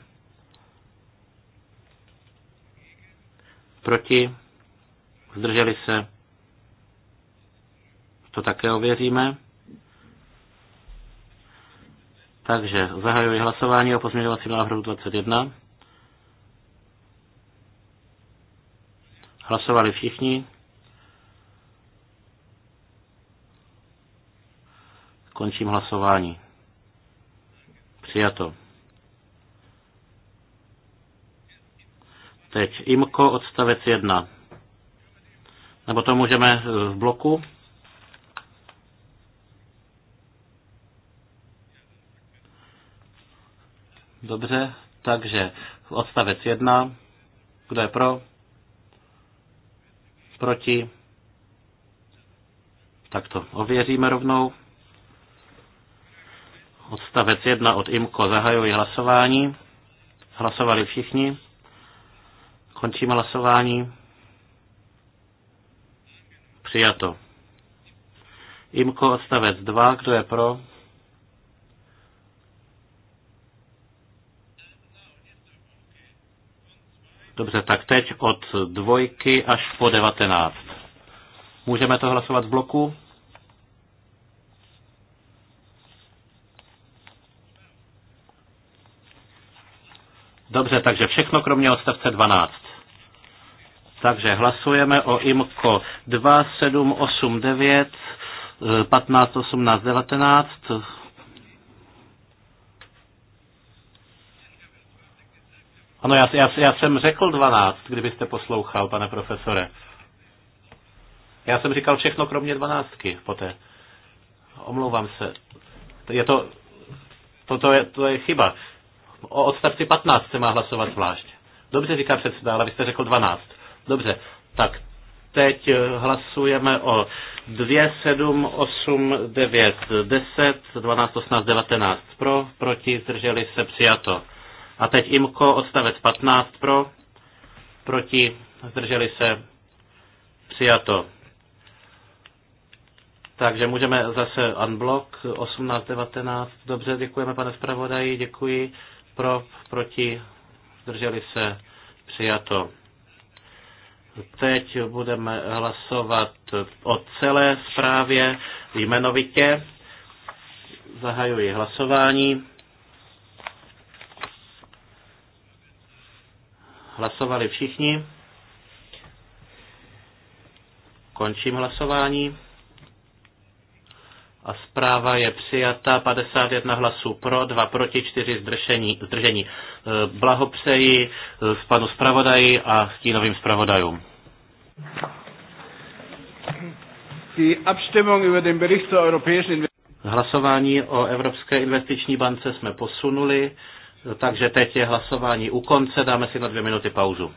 Proti? Zdrželi se? To také ověříme. Takže zahajuji hlasování o pozměňovacím návrhu 21. Hlasovali všichni. Končím hlasování. Přijato. Teď IMKO odstavec 1. Nebo to můžeme eh, v bloku? Dobře, takže odstavec 1. Kdo je pro? Proti? Tak to ověříme rovnou. Odstavec 1 od IMKO zahajuji hlasování. Hlasovali všichni. Končím hlasování. Přijato. Imko odstavec 2, kdo je pro? Dobře, tak teď od dvojky až po 19. Můžeme to hlasovat z bloku? Dobře, takže všechno kromě odstavce 12. Takže hlasujeme o IMCO 2, 7, 8, 9, 15, 18, 19. Ano, já, já, já jsem řekl 12, kdybyste poslouchal, pane profesore. Já jsem říkal všechno kromě 12 poté. Omlouvám se. Je to, to, to, je, to je chyba. O odstavci 15 se má hlasovat zvlášť. Dobře říká předseda, ale vy jste řekl 12. Dobře, tak teď eh, hlasujeme o 2, 7, 8, 9, 10, 12, 18, 19 pro, proti, zdrželi se, přijato. A teď IMKO, odstavec 15 pro, proti, zdrželi se, přijato. Takže můžeme zase unblock 18, 19, Dobře, děkujeme pane zpravodaji, děkuji. Pro, proti, zdrželi se, přijato. Teď budeme hlasovat o celé zprávě jmenovitě. Zahajuji hlasování. Hlasovali všichni. Končím hlasování a zpráva je přijata 51 hlasů pro, 2 proti, 4 zdržení. zdržení. Blahopřeji e, s panu zpravodaji a stínovým zpravodajům. Hlasování o Evropské investiční bance jsme posunuli, e, takže teď je hlasování u konce, dáme si na dvě minuty pauzu.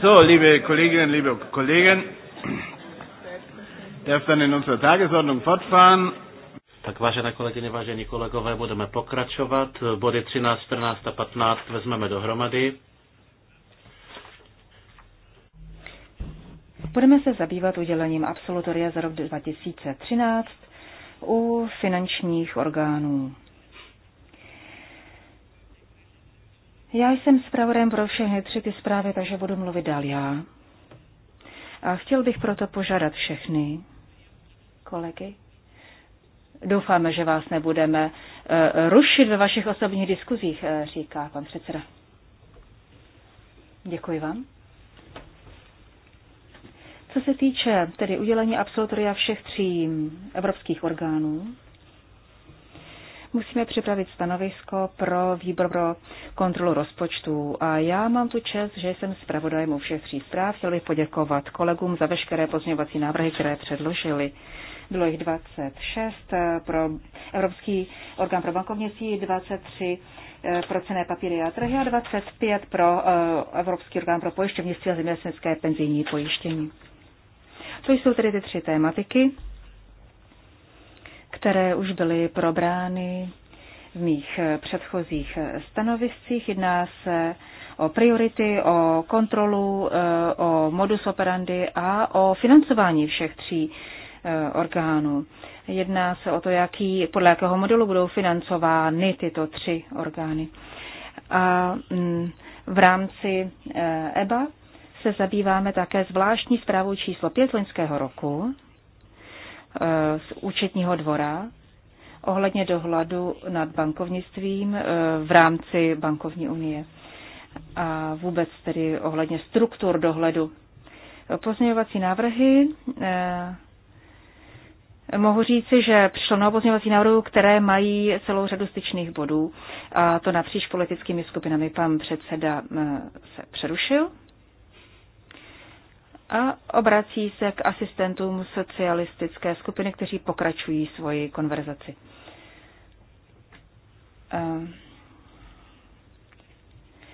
So, liebe Kolleginnen, liebe Kollegen, darf dann in unserer Tagesordnung fortfahren. Tak vážené kolegyně, vážení kolegové, budeme pokračovat. Body 13, 14 a 15 vezmeme dohromady. Budeme se zabývat udělením absolutoria za rok 2013 u finančních orgánů. Já jsem zpravodem pro všechny tři ty zprávy, takže budu mluvit dál já. A chtěl bych proto požádat všechny kolegy. Doufáme, že vás nebudeme uh, rušit ve vašich osobních diskuzích, uh, říká pan předseda. Děkuji vám. Co se týče tedy udělení absolutoria všech tří evropských orgánů, musíme připravit stanovisko pro výbor pro kontrolu rozpočtu A já mám tu čest, že jsem zpravodajem u všech tří zpráv. Chtěl bych poděkovat kolegům za veškeré pozměňovací návrhy, které předložili. Bylo jich 26 eh, pro Evropský orgán pro bankovnictví, 23 eh, pro cené papíry a trhy a 25 pro eh, Evropský orgán pro pojišťovnictví a zeměstnické penzijní pojištění. To jsou tedy ty tři tématiky, které už byly probrány v mých eh, předchozích eh, stanoviscích. Jedná se o priority, o kontrolu, eh, o modus operandi a o financování všech tří orgánů. Jedná se o to, jaký, podle jakého modelu budou financovány tyto tři orgány. A mm, v rámci EBA e se zabýváme také zvláštní zprávou číslo 5 loňského roku, Eh, z účetního dvora ohledně dohledu nad bankovnictvím eh, v rámci bankovní unie a vůbec tedy ohledně struktur dohledu. Pozměňovací návrhy eh, Mohu říci, že přišlo mnoho pozměňovacích návrhů, které mají celou řadu styčných bodů, a to napříč politickými skupinami. Pan předseda se přerušil a obrací se k asistentům socialistické skupiny, kteří pokračují svoji konverzaci. Eh,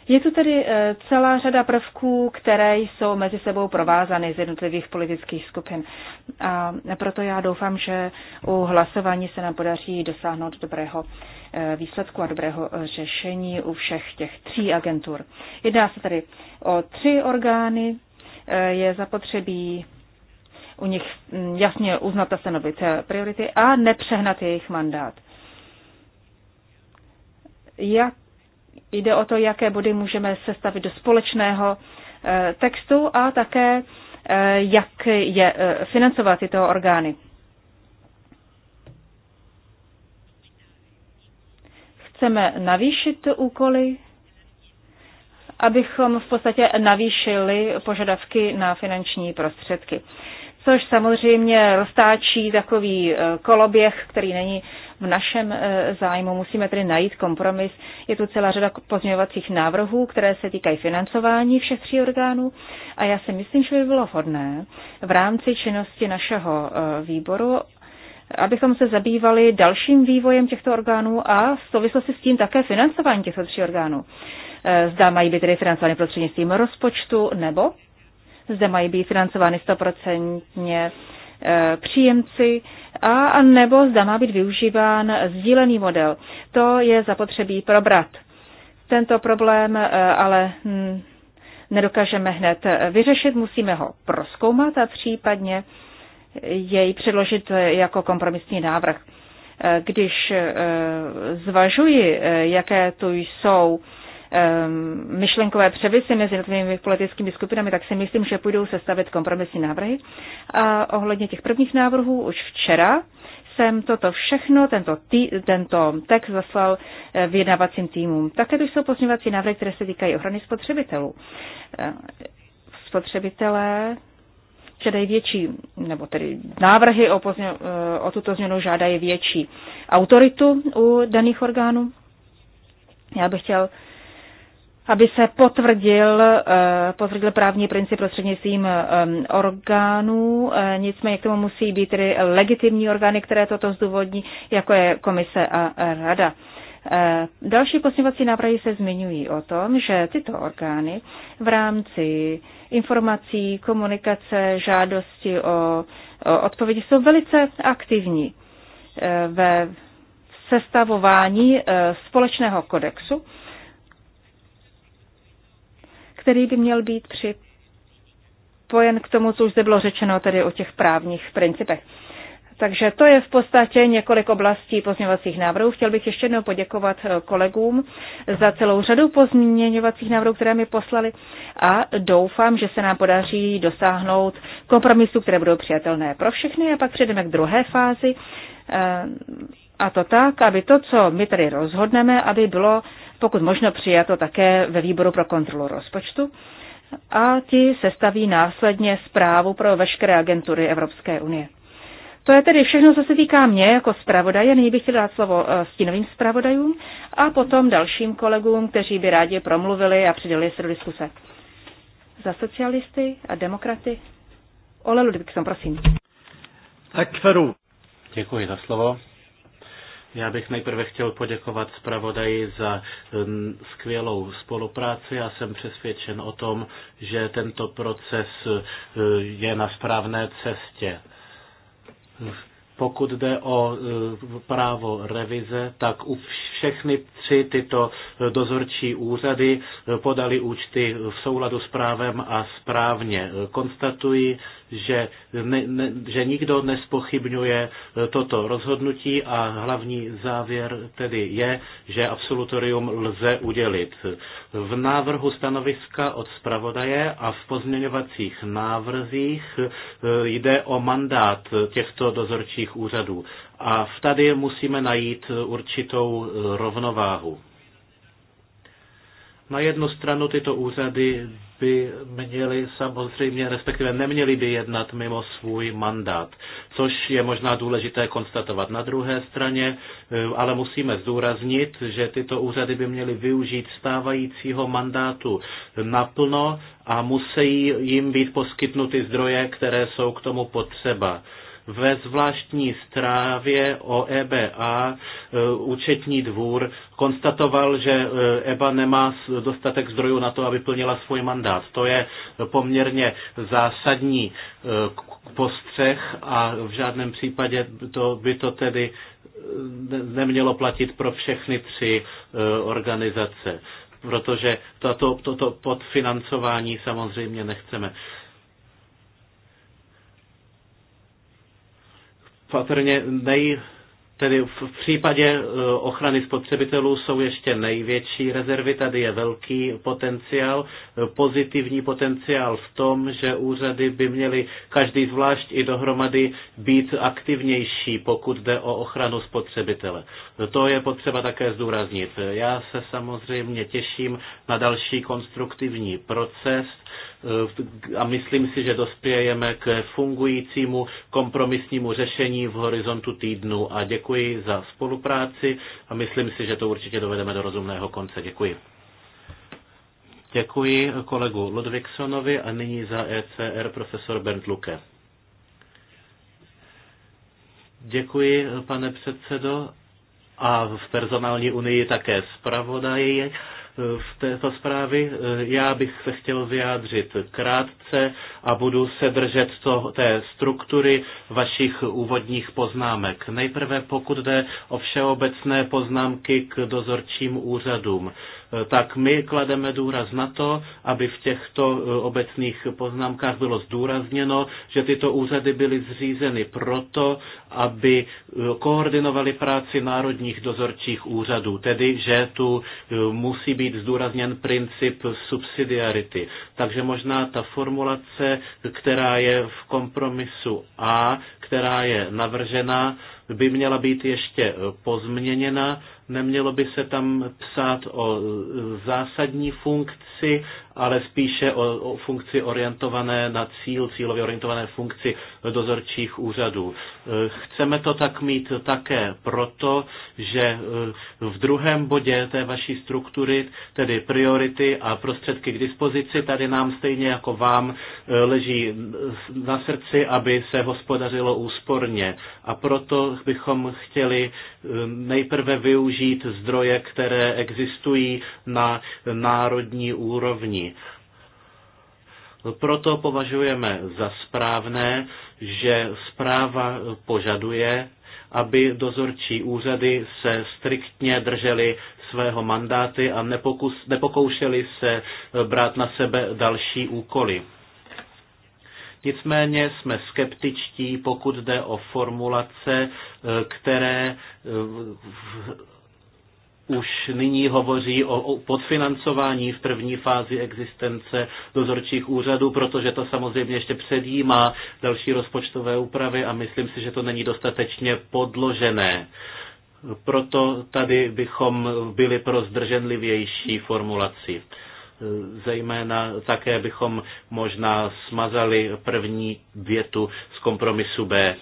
je tu tedy eh, celá řada prvků, které jsou mezi sebou provázány z jednotlivých politických skupin. A proto já doufám, že u hlasování se nám podaří dosáhnout dobrého eh, výsledku a dobrého řešení u všech těch tří agentur. Jedná se tedy o tři orgány, je zapotřebí u nich mm, jasně uznat a stanovit priority a nepřehnat jejich mandát. Jak, jde o to, jaké body můžeme sestavit do společného eh, textu a také eh, jak je eh, financovat tyto orgány. Chceme navýšit úkoly abychom v podstatě navýšili požadavky na finanční prostředky. Což samozřejmě roztáčí takový eh, koloběh, který není v našem eh, zájmu. Musíme tedy najít kompromis. Je tu celá řada pozměňovacích návrhů, které se týkají financování všech tří orgánů a já si myslím, že by bylo vhodné v rámci činnosti našeho eh, výboru abychom se zabývali dalším vývojem těchto orgánů a v souvislosti s tím také financování těchto tří orgánů. Eh, zda mají být tedy financovány prostřednictvím rozpočtu nebo zde mají být financovány stoprocentně eh, příjemci a nebo zda má být využíván sdílený model. To je zapotřebí probrat. Tento problém eh, ale nedokážeme hned vyřešit, musíme ho proskoumat a případně jej předložit jako kompromisní návrh. Když zvažuji, jaké tu jsou Ehm, myšlenkové převisy mezi jednotlivými politickými skupinami, tak si myslím, že půjdou sestavit kompromisní návrhy. A ohledně těch prvních návrhů už včera jsem toto všechno, tento, tý, tento text zaslal eh, vyjednávacím týmům. Také tu jsou pozměňovací návrhy, které se týkají ochrany spotřebitelů. Eh, spotřebitelé žádají větší, nebo tedy návrhy o, pozně, eh, o tuto změnu žádají větší autoritu u daných orgánů. Já bych chtěl aby se potvrdil, eh, potvrdil právní princip prostřednictvím ehm, orgánů, eh, nicméně k tomu musí být tedy legitimní orgány, které toto zdůvodní, jako je komise a rada. Eh, další posměvací návrhy se zmiňují o tom, že tyto orgány v rámci informací, komunikace, žádosti o, o odpovědi jsou velice aktivní ve sestavování společného kodexu, který by měl být připojen k tomu, co už zde bylo řečeno, tedy o těch právních principech. Takže to je v podstatě několik oblastí pozměňovacích návrhů. Chtěl bych ještě jednou poděkovat eh, kolegům za celou řadu pozměňovacích návrhů, které mi poslali a doufám, že se nám podaří dosáhnout kompromisů, které budou přijatelné pro všechny a pak přejdeme k druhé fázi eh, a to tak, aby to, co my tady rozhodneme, aby bylo pokud možno přijato také ve výboru pro kontrolu rozpočtu a ti sestaví následně zprávu pro veškeré agentury Evropské unie. To je tedy všechno, co se týká mě jako zpravodaje. Nyní bych chtěl dát slovo eh, stínovým zpravodajům a potom dalším kolegům, kteří by rádi promluvili a přidali se do diskuse. Za socialisty a demokraty. Ole Ludvíkson, prosím. Tak, Feru. Děkuji za slovo. Já bych nejprve chtěl poděkovat zpravodaji za um, skvělou spolupráci a jsem přesvědčen o tom, že tento proces uh, je na správné cestě. Pokud jde o uh, právo revize, tak u všechny tři tyto dozorčí úřady uh, podali účty v souladu s právem a správně. Konstatuji, že, ne, ne, že nikdo nespochybňuje eh, toto rozhodnutí a hlavní závěr tedy je, že absolutorium lze udělit. V návrhu stanoviska od zpravodaje a v pozměňovacích návrzích eh, jde o mandát těchto dozorčích úřadů. A v tady musíme najít určitou eh, rovnováhu. Na jednu stranu tyto úřady by měli samozřejmě, respektive neměli by jednat mimo svůj mandát, což je možná důležité konstatovat. Na druhé straně e, ale musíme zdůraznit, že tyto úřady by měly využít stávajícího mandátu naplno a musí jim být poskytnuty zdroje, které jsou k tomu potřeba ve zvláštní strávě o EBA e, účetní dvůr konstatoval, že EBA e nemá dostatek zdrojů na to, aby plnila svůj mandát. To je poměrně zásadní e, postřeh a v žádném případě to by to tedy nemělo platit pro všechny tři organizace protože toto podfinancování samozřejmě nechceme. patrně nej, tedy v případě e, ochrany spotřebitelů jsou ještě největší rezervy. Tady je velký potenciál, e, pozitivní potenciál v tom, že úřady by měly každý zvlášť i dohromady být aktivnější, pokud jde o ochranu spotřebitele. E, to je potřeba také zdůraznit. Já se samozřejmě těším na další konstruktivní proces Eh, a myslím si, že dospějeme k fungujícímu kompromisnímu řešení v horizontu týdnu a děkuji za spolupráci a myslím si, že to určitě dovedeme do rozumného konce. Děkuji. Děkuji kolegu Ludvigsonovi a nyní za ECR profesor Bernd Luke. Děkuji, pane předsedo, a v personální unii také zpravodaji v této zprávy. Já bych se chtěl vyjádřit krátce a budu se držet to, té struktury vašich úvodních poznámek. Nejprve pokud jde o všeobecné poznámky k dozorčím úřadům tak my klademe důraz na to, aby v těchto e, obecných poznámkách bylo zdůrazněno, že tyto úřady byly zřízeny proto, aby e, koordinovali práci národních dozorčích úřadů, tedy že tu e, musí být zdůrazněn princip subsidiarity. Takže možná ta formulace, která je v kompromisu A, která je navržena, by měla být ještě e, pozměněna, nemělo by se tam psát o e, zásadní funkci, ale spíše o, o funkci orientované na cíl, cílově orientované funkci dozorčích úřadů. E, chceme to tak mít také proto, že e, v druhém bodě té vaší struktury, tedy priority a prostředky k dispozici, tady nám stejně jako vám e, leží na srdci, aby se hospodařilo úsporně. A proto bychom chtěli nejprve využít zdroje, které existují na národní úrovni není. No, proto považujeme za správné, že zpráva požaduje, aby dozorčí úřady se striktně držely svého mandáty a nepokus, nepokoušeli se brát na sebe další úkoly. Nicméně jsme skeptičtí, pokud jde o formulace, eh, které eh, už nyní hovoří o podfinancování v první fázi existence dozorčích úřadů, protože to samozřejmě ještě předjímá další rozpočtové úpravy a myslím si, že to není dostatečně podložené. Proto tady bychom byli pro zdrženlivější formulaci. Zejména také bychom možná smazali první větu z kompromisu B.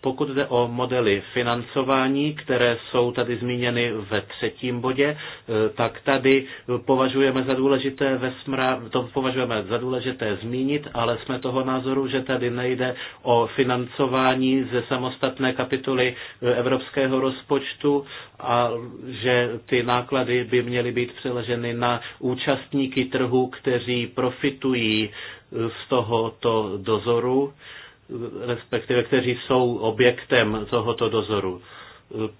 Pokud jde o modely financování, které jsou tady zmíněny ve třetím bodě, eh, tak tady považujeme za důležité ve smra, to považujeme za důležité zmínit, ale jsme toho názoru, že tady nejde o financování ze samostatné kapitoly eh, evropského rozpočtu a že ty náklady by měly být přeleženy na účastníky trhu, kteří profitují eh, z tohoto dozoru respektive kteří jsou objektem tohoto dozoru.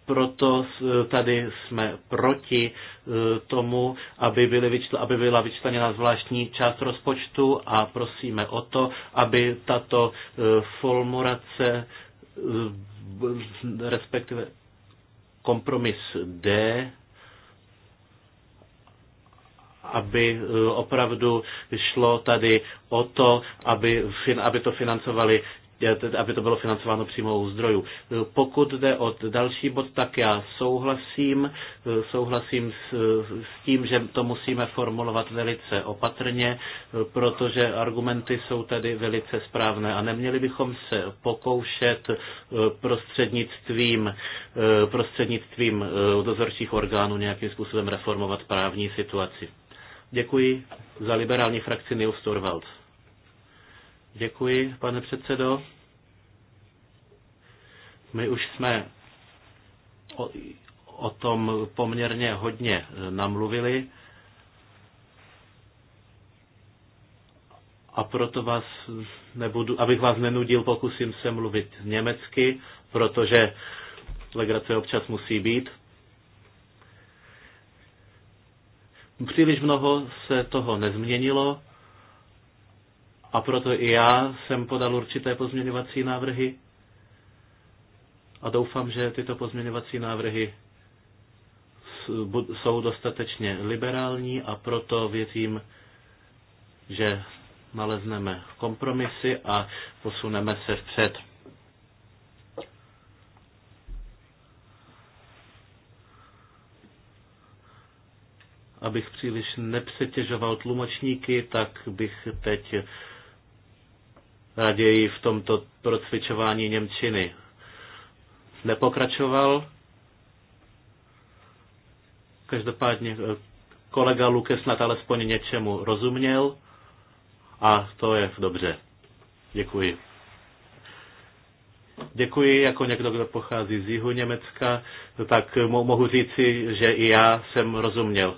Proto tady jsme proti e, tomu, aby, byly aby byla vyčleněna zvláštní část rozpočtu a prosíme o to, aby tato e, formulace, e, respektive kompromis D, aby eh, opravdu šlo tady o to, aby, aby to financovali eh, aby to bylo financováno přímo u zdrojů. Eh, pokud jde o další bod, tak já souhlasím, souhlasím s, s tím, že to musíme formulovat velice opatrně, protože argumenty jsou tady velice správné a neměli bychom se pokoušet prostřednictvím, prostřednictvím dozorčích orgánů nějakým způsobem reformovat právní situaci. Děkuji za liberální frakci Nils Torvald. Děkuji, pane předsedo. My už jsme o, o tom poměrně hodně eh, namluvili a proto vás nebudu, abych vás nenudil, pokusím se mluvit německy, protože legrace občas musí být. Příliš mnoho se toho nezměnilo a proto i já jsem podal určité pozměňovací návrhy a doufám, že tyto pozměňovací návrhy jsou dostatečně liberální a proto věřím, že nalezneme kompromisy a posuneme se vpřed. abych příliš nepřetěžoval tlumočníky, tak bych teď raději v tomto procvičování Němčiny nepokračoval. Každopádně eh, kolega Luke snad alespoň něčemu rozuměl a to je dobře. Děkuji. Děkuji, jako někdo, kdo pochází z jihu Německa, tak mohu říci, že i já jsem rozuměl.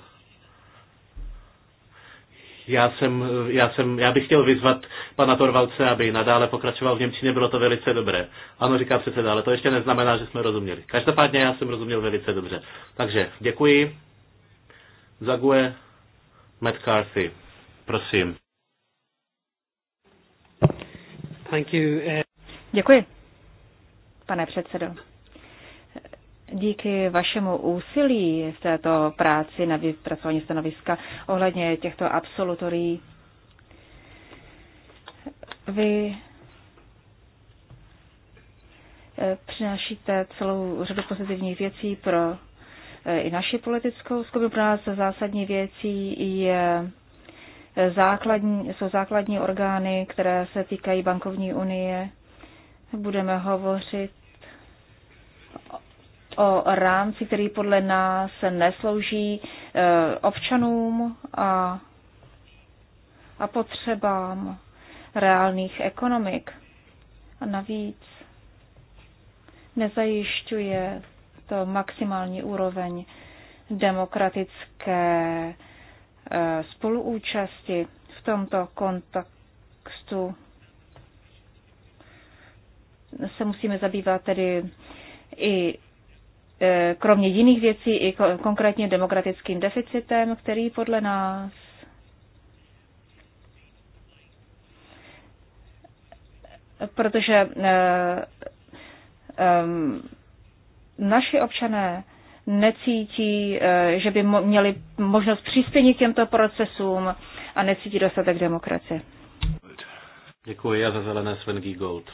Já, jsem, já, jsem, já bych chtěl vyzvat pana Torvalce, aby nadále pokračoval v Němčině, bylo to velice dobré. Ano, říká předseda, ale to ještě neznamená, že jsme rozuměli. Každopádně já jsem rozuměl velice dobře. Takže děkuji. Zague McCarthy, prosím. Thank you. Eh. Děkuji, pane předsedo díky vašemu úsilí v této práci na vypracování stanoviska ohledně těchto absolutorií vy eh, přinášíte celou řadu pozitivních věcí pro eh, i naši politickou skupinu. Pro nás zásadní věcí je eh, základní, jsou základní orgány, které se týkají bankovní unie. Budeme hovořit o rámci, který podle nás neslouží eh, občanům a, a potřebám reálných ekonomik. A navíc nezajišťuje to maximální úroveň demokratické eh, spoluúčasti v tomto kontextu se musíme zabývat tedy i E, kromě jiných věcí i konkrétně demokratickým deficitem, který podle nás protože e, e, naši občané necítí, že by měli možnost přispění k těmto procesům a necítí dostatek demokracie. Děkuji a za zelené Sven Gold.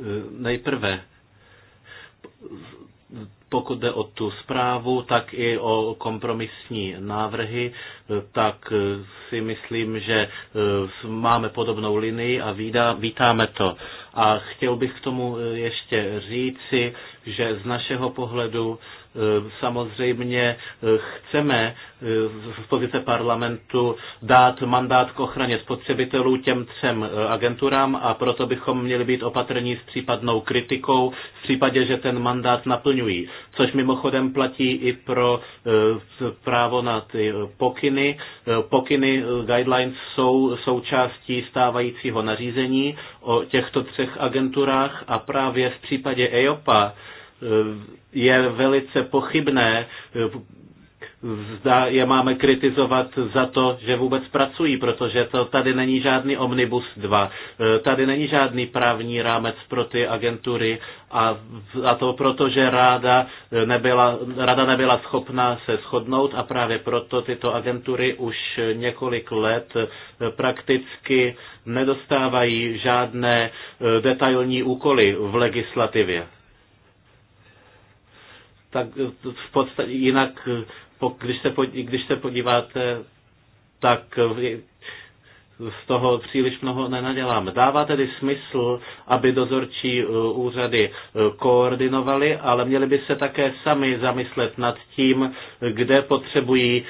Eh, nejprve, pokud jde o tu zprávu, tak i o kompromisní návrhy, eh, tak eh, si myslím, že máme podobnou linii a vítáme to. A chtěl bych k tomu ještě říci, že z našeho pohledu Eh, samozřejmě eh, chceme eh, z pozice parlamentu dát mandát k ochraně spotřebitelů těm třem agenturám a proto bychom měli být opatrní s případnou kritikou v případě, že ten mandát naplňují. Což mimochodem platí i pro právo na ty pokyny. Pokyny guidelines jsou součástí stávajícího nařízení o těchto třech agenturách a právě v případě EOPA. Eh, je velice pochybné, eh, zda je máme kritizovat za to, že vůbec pracují, protože to tady není žádný Omnibus 2, eh, tady není žádný právní rámec pro ty agentury a, a to proto, že ráda nebyla, rada nebyla schopná se shodnout a právě proto tyto agentury už několik let prakticky nedostávají žádné detailní úkoly v legislativě tak v podstatě jinak, když se, podíváte, tak z toho příliš mnoho nenaděláme. Dává tedy smysl, aby dozorčí e, úřady e, koordinovaly, ale měli by se také sami zamyslet nad tím, kde potřebují e,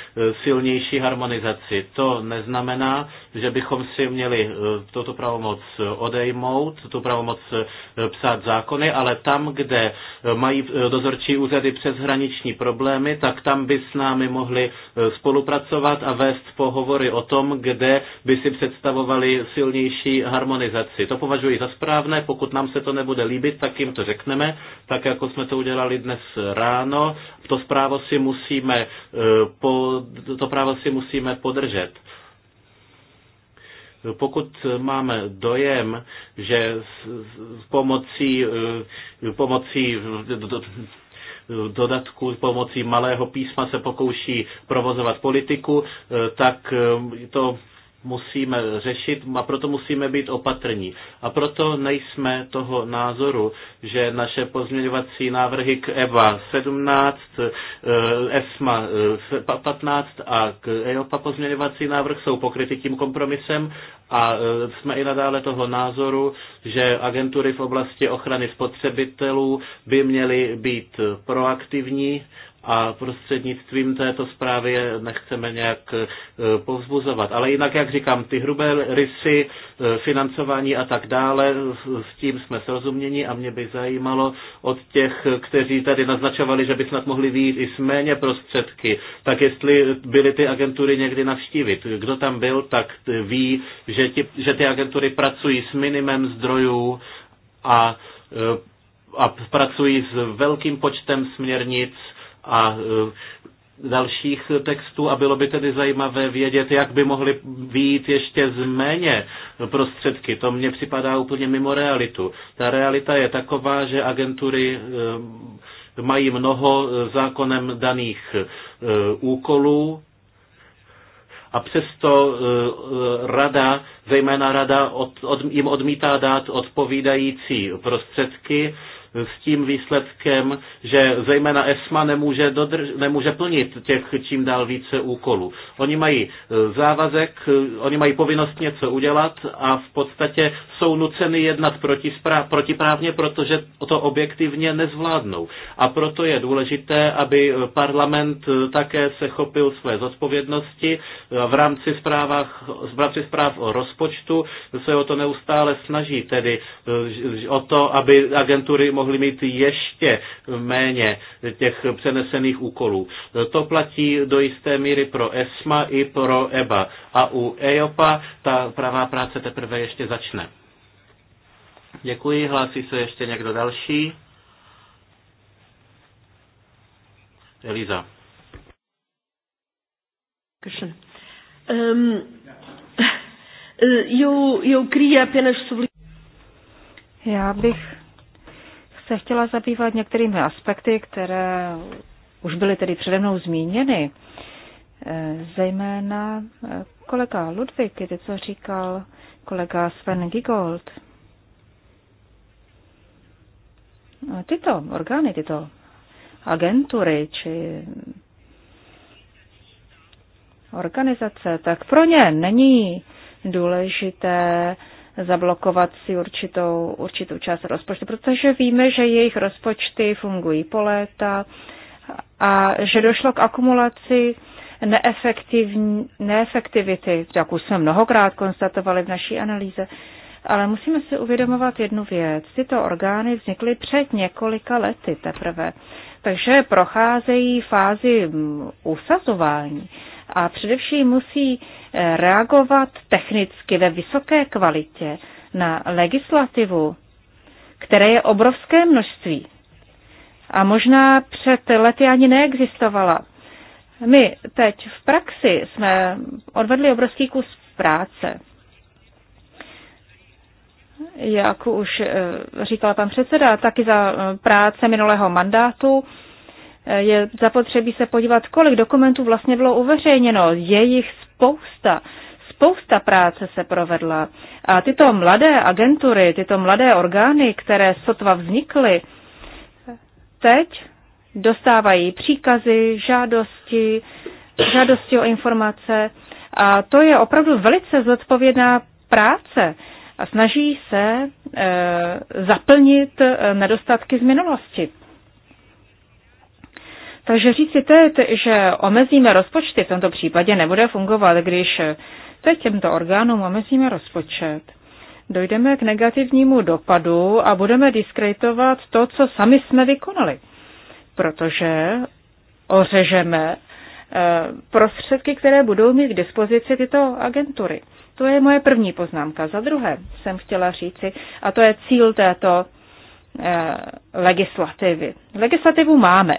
silnější harmonizaci. To neznamená, že bychom si měli toto pravomoc odejmout, tu pravomoc psát zákony, ale tam, kde mají dozorčí úřady přeshraniční problémy, tak tam by s námi mohli spolupracovat a vést pohovory o tom, kde by si představovali silnější harmonizaci. To považuji za správné, pokud nám se to nebude líbit, tak jim to řekneme, tak jako jsme to udělali dnes ráno. To, právo si musíme, eh, po, to právo si musíme podržet pokud máme dojem, že s pomocí, eh, pomocí dodatku pomocí malého písma se pokouší provozovat politiku, eh, tak to musíme řešit a proto musíme být opatrní. A proto nejsme toho názoru, že naše pozměňovací návrhy k EVA 17, eh, ESMA 15 eh, a k EOPA pozměňovací návrh jsou pokryty tím kompromisem a eh, jsme i nadále toho názoru, že agentury v oblasti ochrany spotřebitelů by měly být proaktivní a prostřednictvím této zprávy nechceme nějak e, povzbuzovat. Ale jinak, jak říkám, ty hrubé rysy, e, financování a tak dále, s tím jsme srozuměni a mě by zajímalo od těch, kteří tady naznačovali, že by snad mohli výjít i s méně prostředky, tak jestli byly ty agentury někdy navštívit. Kdo tam byl, tak ví, že, ti, že ty agentury pracují s minimem zdrojů a e, a pracují s velkým počtem směrnic, a e, dalších textů a bylo by tedy zajímavé vědět, jak by mohly být ještě z méně prostředky. To mně připadá úplně mimo realitu. Ta realita je taková, že agentury e, mají mnoho zákonem daných e, úkolů, a přesto rada, zejména rada, jim odmítá dát odpovídající prostředky s tím výsledkem, že zejména ESMA nemůže, dodrž, nemůže plnit těch čím dál více úkolů. Oni mají e, závazek, e, oni mají povinnost něco udělat a v podstatě jsou nuceny jednat proti, protiprávně, protože to objektivně nezvládnou. A proto je důležité, aby parlament e, také se chopil své zodpovědnosti v rámci, zprávách, v rámci zpráv o rozpočtu, se o to neustále snaží, tedy o to, aby agentury mohli mít ještě méně těch přenesených úkolů. To platí do jisté míry pro ESMA i pro EBA. A u EOPA ta pravá práce teprve ještě začne. Děkuji, hlásí se ještě někdo další? Eliza. Krishna. Um, (laughs) eh, Já bych se chtěla zabývat některými aspekty, které už byly tedy přede mnou zmíněny. Eh, zejména eh, kolega Ludvík, kdy co říkal kolega Sven Gigold. Tyto orgány, tyto agentury či organizace, tak pro ně není důležité zablokovat si určitou, určitou část rozpočtu, protože víme, že jejich rozpočty fungují po léta a že došlo k akumulaci neefektivity, jak už jsme mnohokrát konstatovali v naší analýze. Ale musíme si uvědomovat jednu věc. Tyto orgány vznikly před několika lety teprve, takže procházejí fázi usazování a především musí reagovat technicky ve vysoké kvalitě na legislativu, které je obrovské množství a možná před lety ani neexistovala. My teď v praxi jsme odvedli obrovský kus práce. Jak už eh, říkala pan předseda, taky za eh, práce minulého mandátu eh, je zapotřebí se podívat, kolik dokumentů vlastně bylo uveřejněno. Je jich spousta, spousta práce se provedla. A tyto mladé agentury, tyto mladé orgány, které sotva vznikly, teď dostávají příkazy, žádosti, žádosti o informace. A to je opravdu velice zodpovědná práce a snaží se e, zaplnit eh, nedostatky z minulosti. Takže říci teď, že omezíme rozpočty, v tomto případě nebude fungovat, když teď těmto orgánům omezíme rozpočet. Dojdeme k negativnímu dopadu a budeme diskreditovat to, co sami jsme vykonali. Protože ořežeme eh, prostředky, které budou mít k dispozici tyto agentury. To je moje první poznámka. Za druhé jsem chtěla říci, a to je cíl této eh, legislativy. Legislativu máme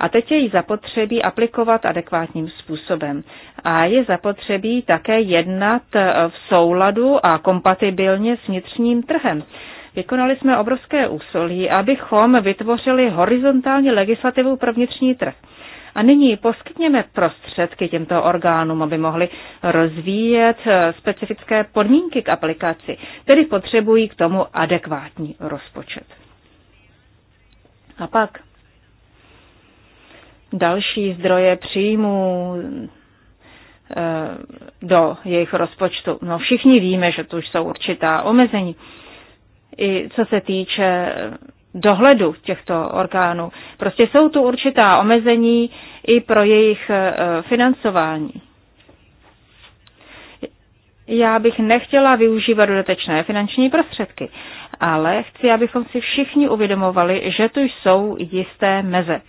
a teď je jí zapotřebí aplikovat adekvátním způsobem. A je zapotřebí také jednat eh, v souladu a kompatibilně s vnitřním trhem. Vykonali jsme obrovské úsilí, abychom vytvořili horizontální legislativu pro vnitřní trh. A nyní poskytněme prostředky těmto orgánům, aby mohli rozvíjet eh, specifické podmínky k aplikaci, tedy potřebují k tomu adekvátní rozpočet. A pak další zdroje příjmů eh, do jejich rozpočtu. No všichni víme, že tu už jsou určitá omezení. I co se týče dohledu těchto orgánů. Prostě jsou tu určitá omezení i pro jejich eh, financování. Já bych nechtěla využívat dodatečné finanční prostředky, ale chci, abychom si všichni uvědomovali, že tu jsou jisté meze,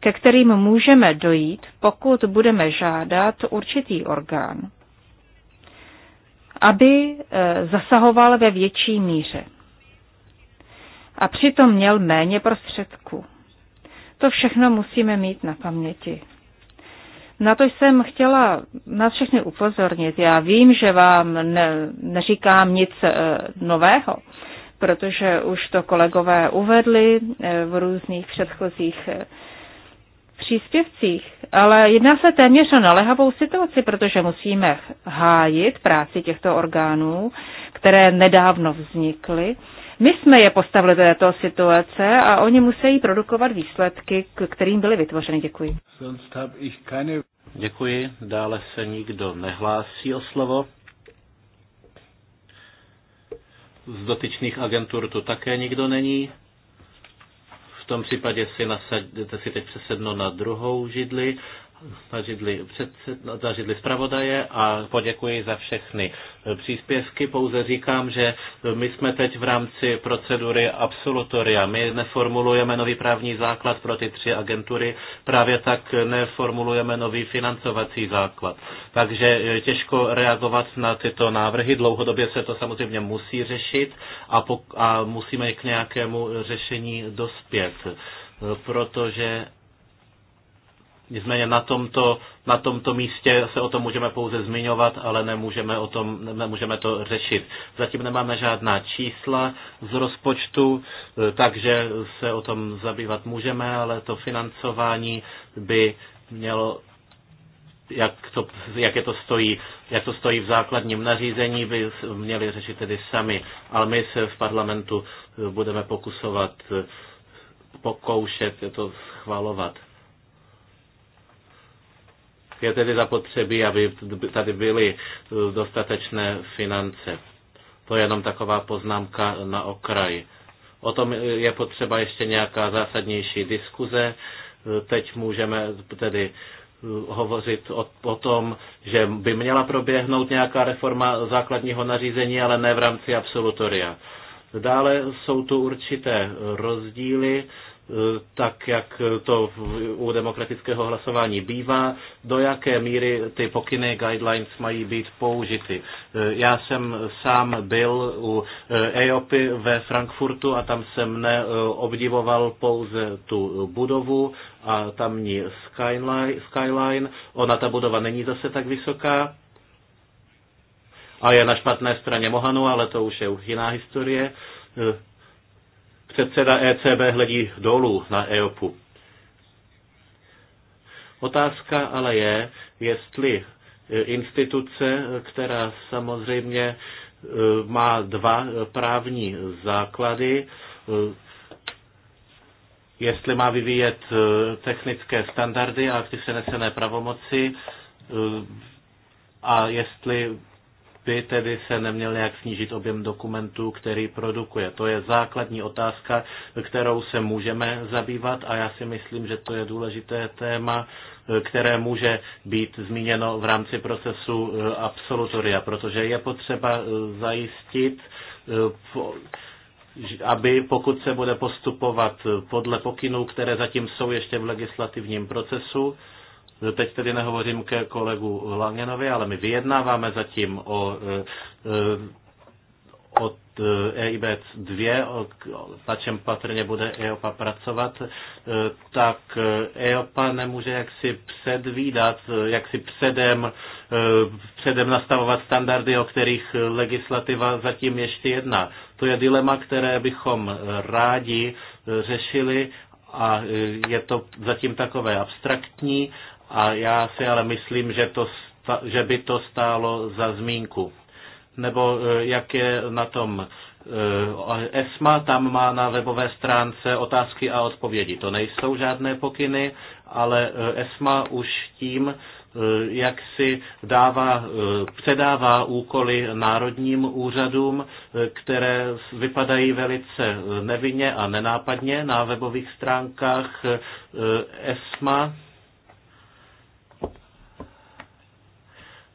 ke kterým můžeme dojít, pokud budeme žádat určitý orgán, aby e, zasahoval ve větší míře a přitom měl méně prostředků. To všechno musíme mít na paměti. Na to jsem chtěla nás všechny upozornit. Já vím, že vám ne, neříkám nic e, nového, protože už to kolegové uvedli eh, v různých předchozích eh, příspěvcích, ale jedná se téměř o naléhavou situaci, protože musíme hájit práci těchto orgánů, které nedávno vznikly. My jsme je postavili do této situace a oni musí produkovat výsledky, k kterým byly vytvořeny. Děkuji. Děkuji. Dále se nikdo nehlásí o slovo. Z dotyčných agentur tu také nikdo není. V tom případě si nasadíte si teď přesedno na druhou židli zažidli, předsed, zpravodaje a poděkuji za všechny příspěvky. Pouze říkám, že my jsme teď v rámci procedury absolutoria. My neformulujeme nový právní základ pro ty tři agentury, právě tak neformulujeme nový financovací základ. Takže těžko reagovat na tyto návrhy. Dlouhodobě se to samozřejmě musí řešit a, po, a musíme k nějakému řešení dospět, protože Nicméně na tomto, na tomto místě se o tom můžeme pouze zmiňovat, ale nemůžeme, o tom, nemůžeme to řešit. Zatím nemáme žádná čísla z rozpočtu, e, takže se o tom zabývat můžeme, ale to financování by mělo jak, to, jak, je to stojí, jak to stojí v základním nařízení, by měli řešit tedy sami. Ale my se v parlamentu e, budeme pokusovat e, pokoušet to schvalovat. Je tedy zapotřebí, aby tady byly eh, dostatečné finance. To je jenom taková poznámka na okraj. O tom je potřeba ještě nějaká zásadnější diskuze. Eh, Teď můžeme tedy eh, hovořit o, o tom, že by měla proběhnout nějaká reforma základního nařízení, ale ne v rámci absolutoria. Dále jsou tu určité rozdíly tak jak to u demokratického hlasování bývá, do jaké míry ty pokyny guidelines mají být použity. Já jsem sám byl u EOPy eh, ve Frankfurtu a tam jsem neobdivoval eh, pouze tu budovu a tamní skyline, skyline. Ona ta budova není zase tak vysoká a je na špatné straně Mohanu, ale to už je jiná historie eh, Předseda ECB hledí dolů na EOPu. Otázka ale je, jestli e, instituce, která samozřejmě e, má dva právní základy, e, jestli má vyvíjet technické standardy a aktiv přenesené pravomoci a jestli by tedy se neměl nějak snížit objem dokumentů, který produkuje. To je základní otázka, kterou se můžeme zabývat a já si myslím, že to je důležité téma, které může být zmíněno v rámci procesu eh, absolutoria, protože je potřeba eh, zajistit eh, aby pokud se bude postupovat podle pokynů, které zatím jsou ještě v legislativním procesu, Teď tedy nehovořím ke kolegu Langenovi, ale my vyjednáváme zatím o, eh, eh, eh, e o EIB 2, na čem patrně bude EOPA pracovat, tak EOPA e nemůže jaksi předvídat, jaksi předem, předem nastavovat standardy, o kterých legislativa zatím ještě jedná. To je dilema, které bychom rádi řešili a je to zatím takové abstraktní a já si ale myslím, že, to, že by to stálo za zmínku. Nebo e, jak je na tom e, ESMA, tam má na webové stránce otázky a odpovědi. To nejsou žádné pokyny, ale e, ESMA už tím, jak si dává, předává úkoly národním úřadům, které vypadají velice nevinně a nenápadně na webových stránkách ESMA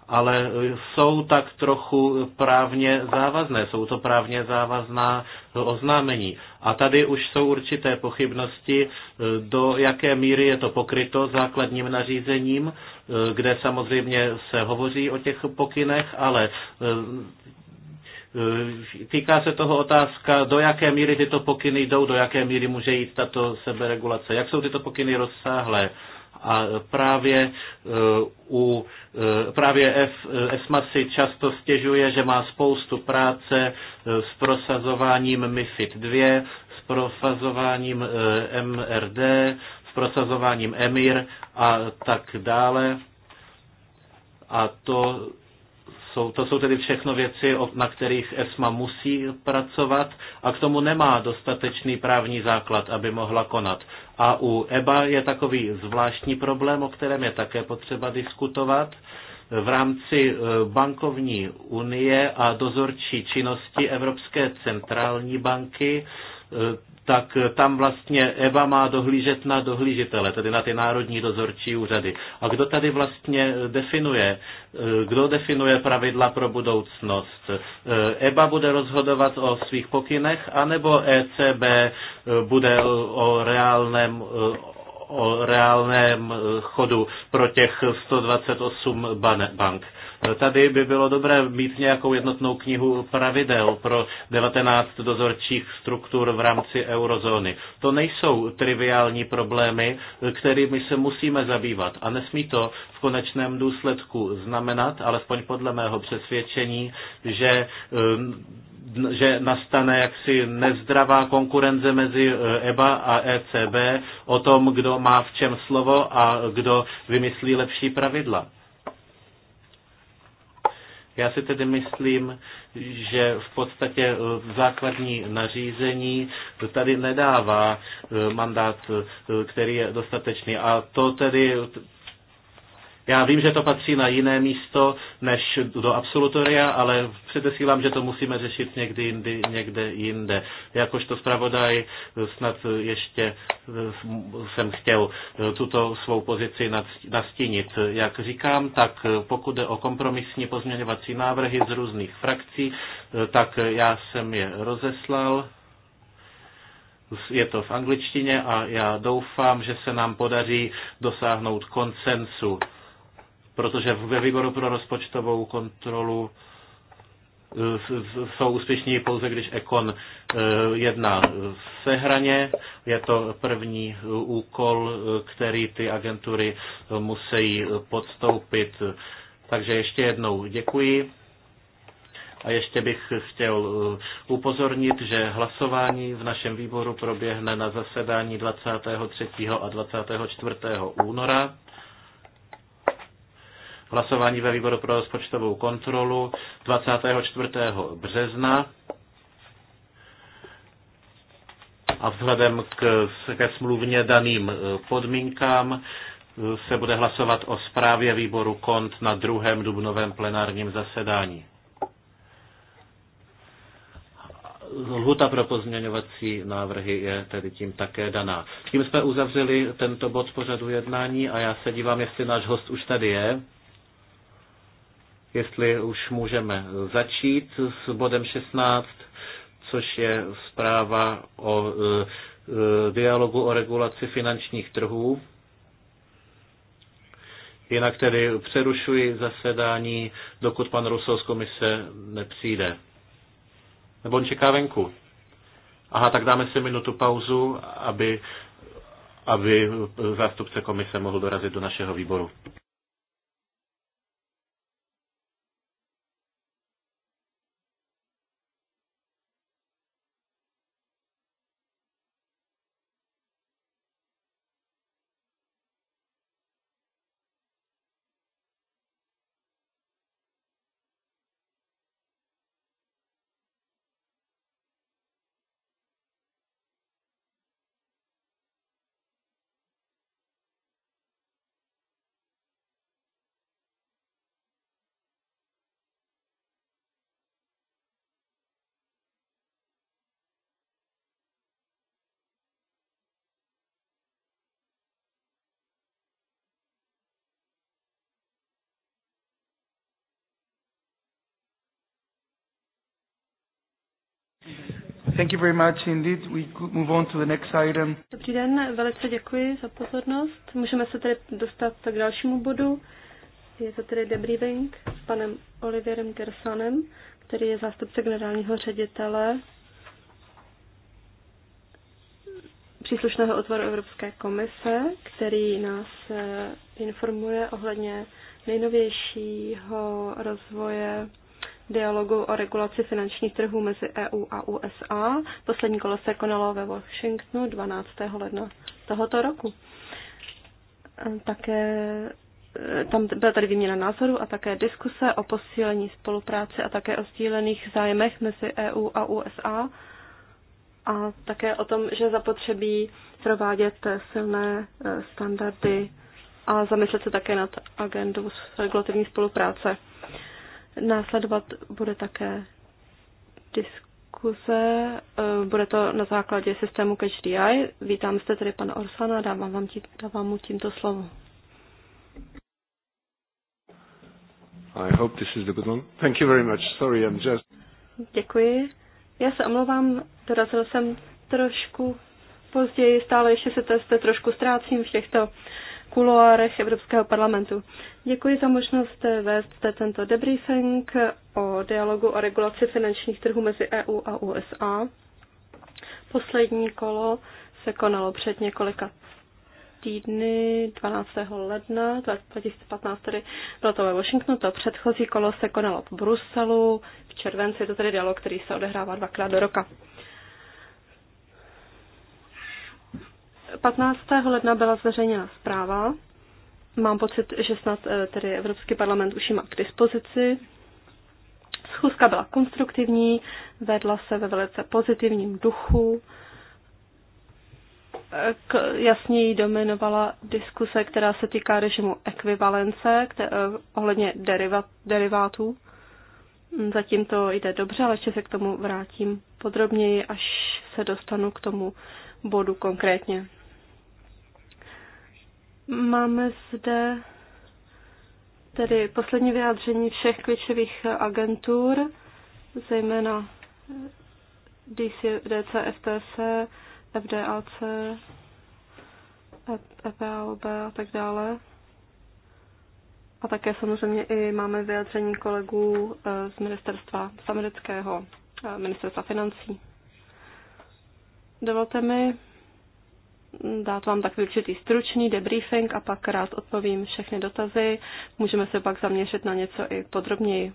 ale jsou tak trochu právně závazné, jsou to právně závazná oznámení. A tady už jsou určité pochybnosti, e, do jaké míry je to pokryto základním nařízením, e, kde samozřejmě se hovoří o těch pokynech, ale e, Týká se toho otázka, do jaké míry tyto pokyny jdou, do jaké míry může jít tato seberegulace, jak jsou tyto pokyny rozsáhlé a právě e, u e, právě F, ESMA si často stěžuje, že má spoustu práce e, s prosazováním MIFID 2, s prosazováním MRD, s prosazováním EMIR a tak dále. A to jsou, to jsou tedy všechno věci, na kterých ESMA musí pracovat a k tomu nemá dostatečný právní základ, aby mohla konat. A u EBA je takový zvláštní problém, o kterém je také potřeba diskutovat. V rámci e, bankovní unie a dozorčí činnosti Evropské centrální banky e, tak eh, tam vlastně EBA má dohlížet na dohlížitele, tedy na ty národní dozorčí úřady. A kdo tady vlastně eh, definuje, eh, kdo definuje pravidla pro budoucnost? EBA bude rozhodovat o svých pokynech, anebo ECB bude o reálném o reálném chodu pro těch 128 bank. Tady by bylo dobré mít nějakou jednotnou knihu pravidel pro 19 dozorčích struktur v rámci eurozóny. To nejsou triviální problémy, kterými se musíme zabývat a nesmí to v konečném důsledku znamenat, alespoň podle mého přesvědčení, že um, že nastane jaksi nezdravá konkurence mezi uh, EBA a ECB o tom, kdo má v čem slovo a kdo vymyslí lepší pravidla. Já si tedy myslím, že v podstatě eh, základní nařízení tady nedává eh, mandát, eh, který je dostatečný. A to tedy já vím, že to patří na jiné místo než do absolutoria, ale předesílám, že to musíme řešit někdy jindy, někde jinde. Jakožto zpravodaj snad ještě eh, jsem chtěl eh, tuto svou pozici nastínit. Jak říkám, tak pokud jde o kompromisní pozměňovací návrhy z různých frakcí, eh, tak já jsem je rozeslal je to v angličtině a já doufám, že se nám podaří dosáhnout koncensu protože ve výboru pro rozpočtovou kontrolu eh, jsou úspěšní pouze, když Ekon eh, jedná sehraně. Je to první eh, úkol, který ty agentury musí podstoupit. Takže ještě jednou děkuji. A ještě bych chtěl upozornit, že hlasování v našem výboru proběhne na zasedání 23. a 24. února hlasování ve výboru pro rozpočtovou kontrolu 24. března. A vzhledem k, ke smluvně daným e, podmínkám e, se bude hlasovat o zprávě výboru KONT na druhém dubnovém plenárním zasedání. Lhuta pro pozměňovací návrhy je tedy tím také daná. Tím jsme uzavřeli tento bod pořadu jednání a já se dívám, jestli náš host už tady je jestli už můžeme začít s bodem 16, což je zpráva o e, e, dialogu o regulaci finančních trhů. Jinak tedy přerušuji zasedání, dokud pan Ruso z komise nepřijde. Nebo on čeká venku. Aha, tak dáme si minutu pauzu, aby, aby zástupce komise mohl dorazit do našeho výboru. Thank you very much indeed. We could move on to the next item. Dobrý den, velice děkuji za pozornost. Můžeme se tedy dostat k dalšímu bodu. Je to tedy debriefing s panem Oliverem Gersonem, který je zástupce generálního ředitele příslušného otvoru Evropské komise, který nás eh, informuje ohledně nejnovějšího rozvoje dialogu o regulaci finančních trhů mezi EU a USA. Poslední kolo se konalo ve Washingtonu 12. ledna tohoto roku. E, také e, tam byla tady výměna názorů a také diskuse o posílení spolupráce a také o sdílených zájmech mezi EU a USA a také o tom, že zapotřebí provádět silné e, standardy a zamyslet se také nad agendou regulativní spolupráce. Následovat bude také diskuse. Eh, bude to na základě systému CatchDI. Vítám se tady pan Orsana, dávám, vám tím, dávám mu tímto slovo. I hope this is the good one. Thank you very much. Sorry, I'm just... Děkuji. Já se omlouvám, dorazil jsem trošku později, stále ještě se to, trošku ztrácím v těchto uh, kuloárech Evropského parlamentu. Děkuji za možnost vést tento debriefing o dialogu o regulaci finančních trhů mezi EU a USA. Poslední kolo se konalo před několika týdny 12. ledna 2015, tedy bylo to ve Washingtonu, to předchozí kolo se konalo v Bruselu v červenci, je to tedy dialog, který se odehrává dvakrát do roka. 15. ledna byla zveřejněna zpráva. Mám pocit, že snad eh, tedy Evropský parlament už ji má k dispozici. Schůzka byla konstruktivní, vedla se ve velice pozitivním duchu. Eh, k, jasně jí dominovala diskuse, která se týká režimu ekvivalence které, eh, ohledně derivat, derivátů. Hm, zatím to jde dobře, ale ještě se k tomu vrátím podrobněji, až se dostanu k tomu bodu konkrétně. Máme zde tedy poslední vyjádření všech klíčových agentur, zejména DC, DC FTC, FDAC, EPAOB a tak dále. A také samozřejmě i máme vyjádření kolegů eh, z ministerstva, z amerického eh, ministerstva financí. Dovolte mi dát vám takový určitý stručný debriefing a pak rád odpovím všechny dotazy. Můžeme se pak zaměřit na něco i podrobněji.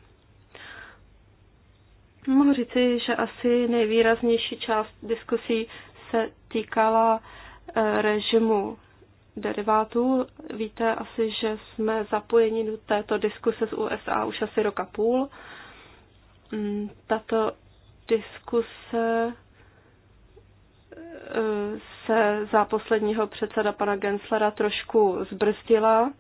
Mohu říci, že asi nejvýraznější část diskusí se týkala eh, režimu derivátů. Víte asi, že jsme zapojeni do této diskuse z USA už asi roka půl. Mm, tato diskuse se za posledního předseda pana Genslera trošku zbrzdila.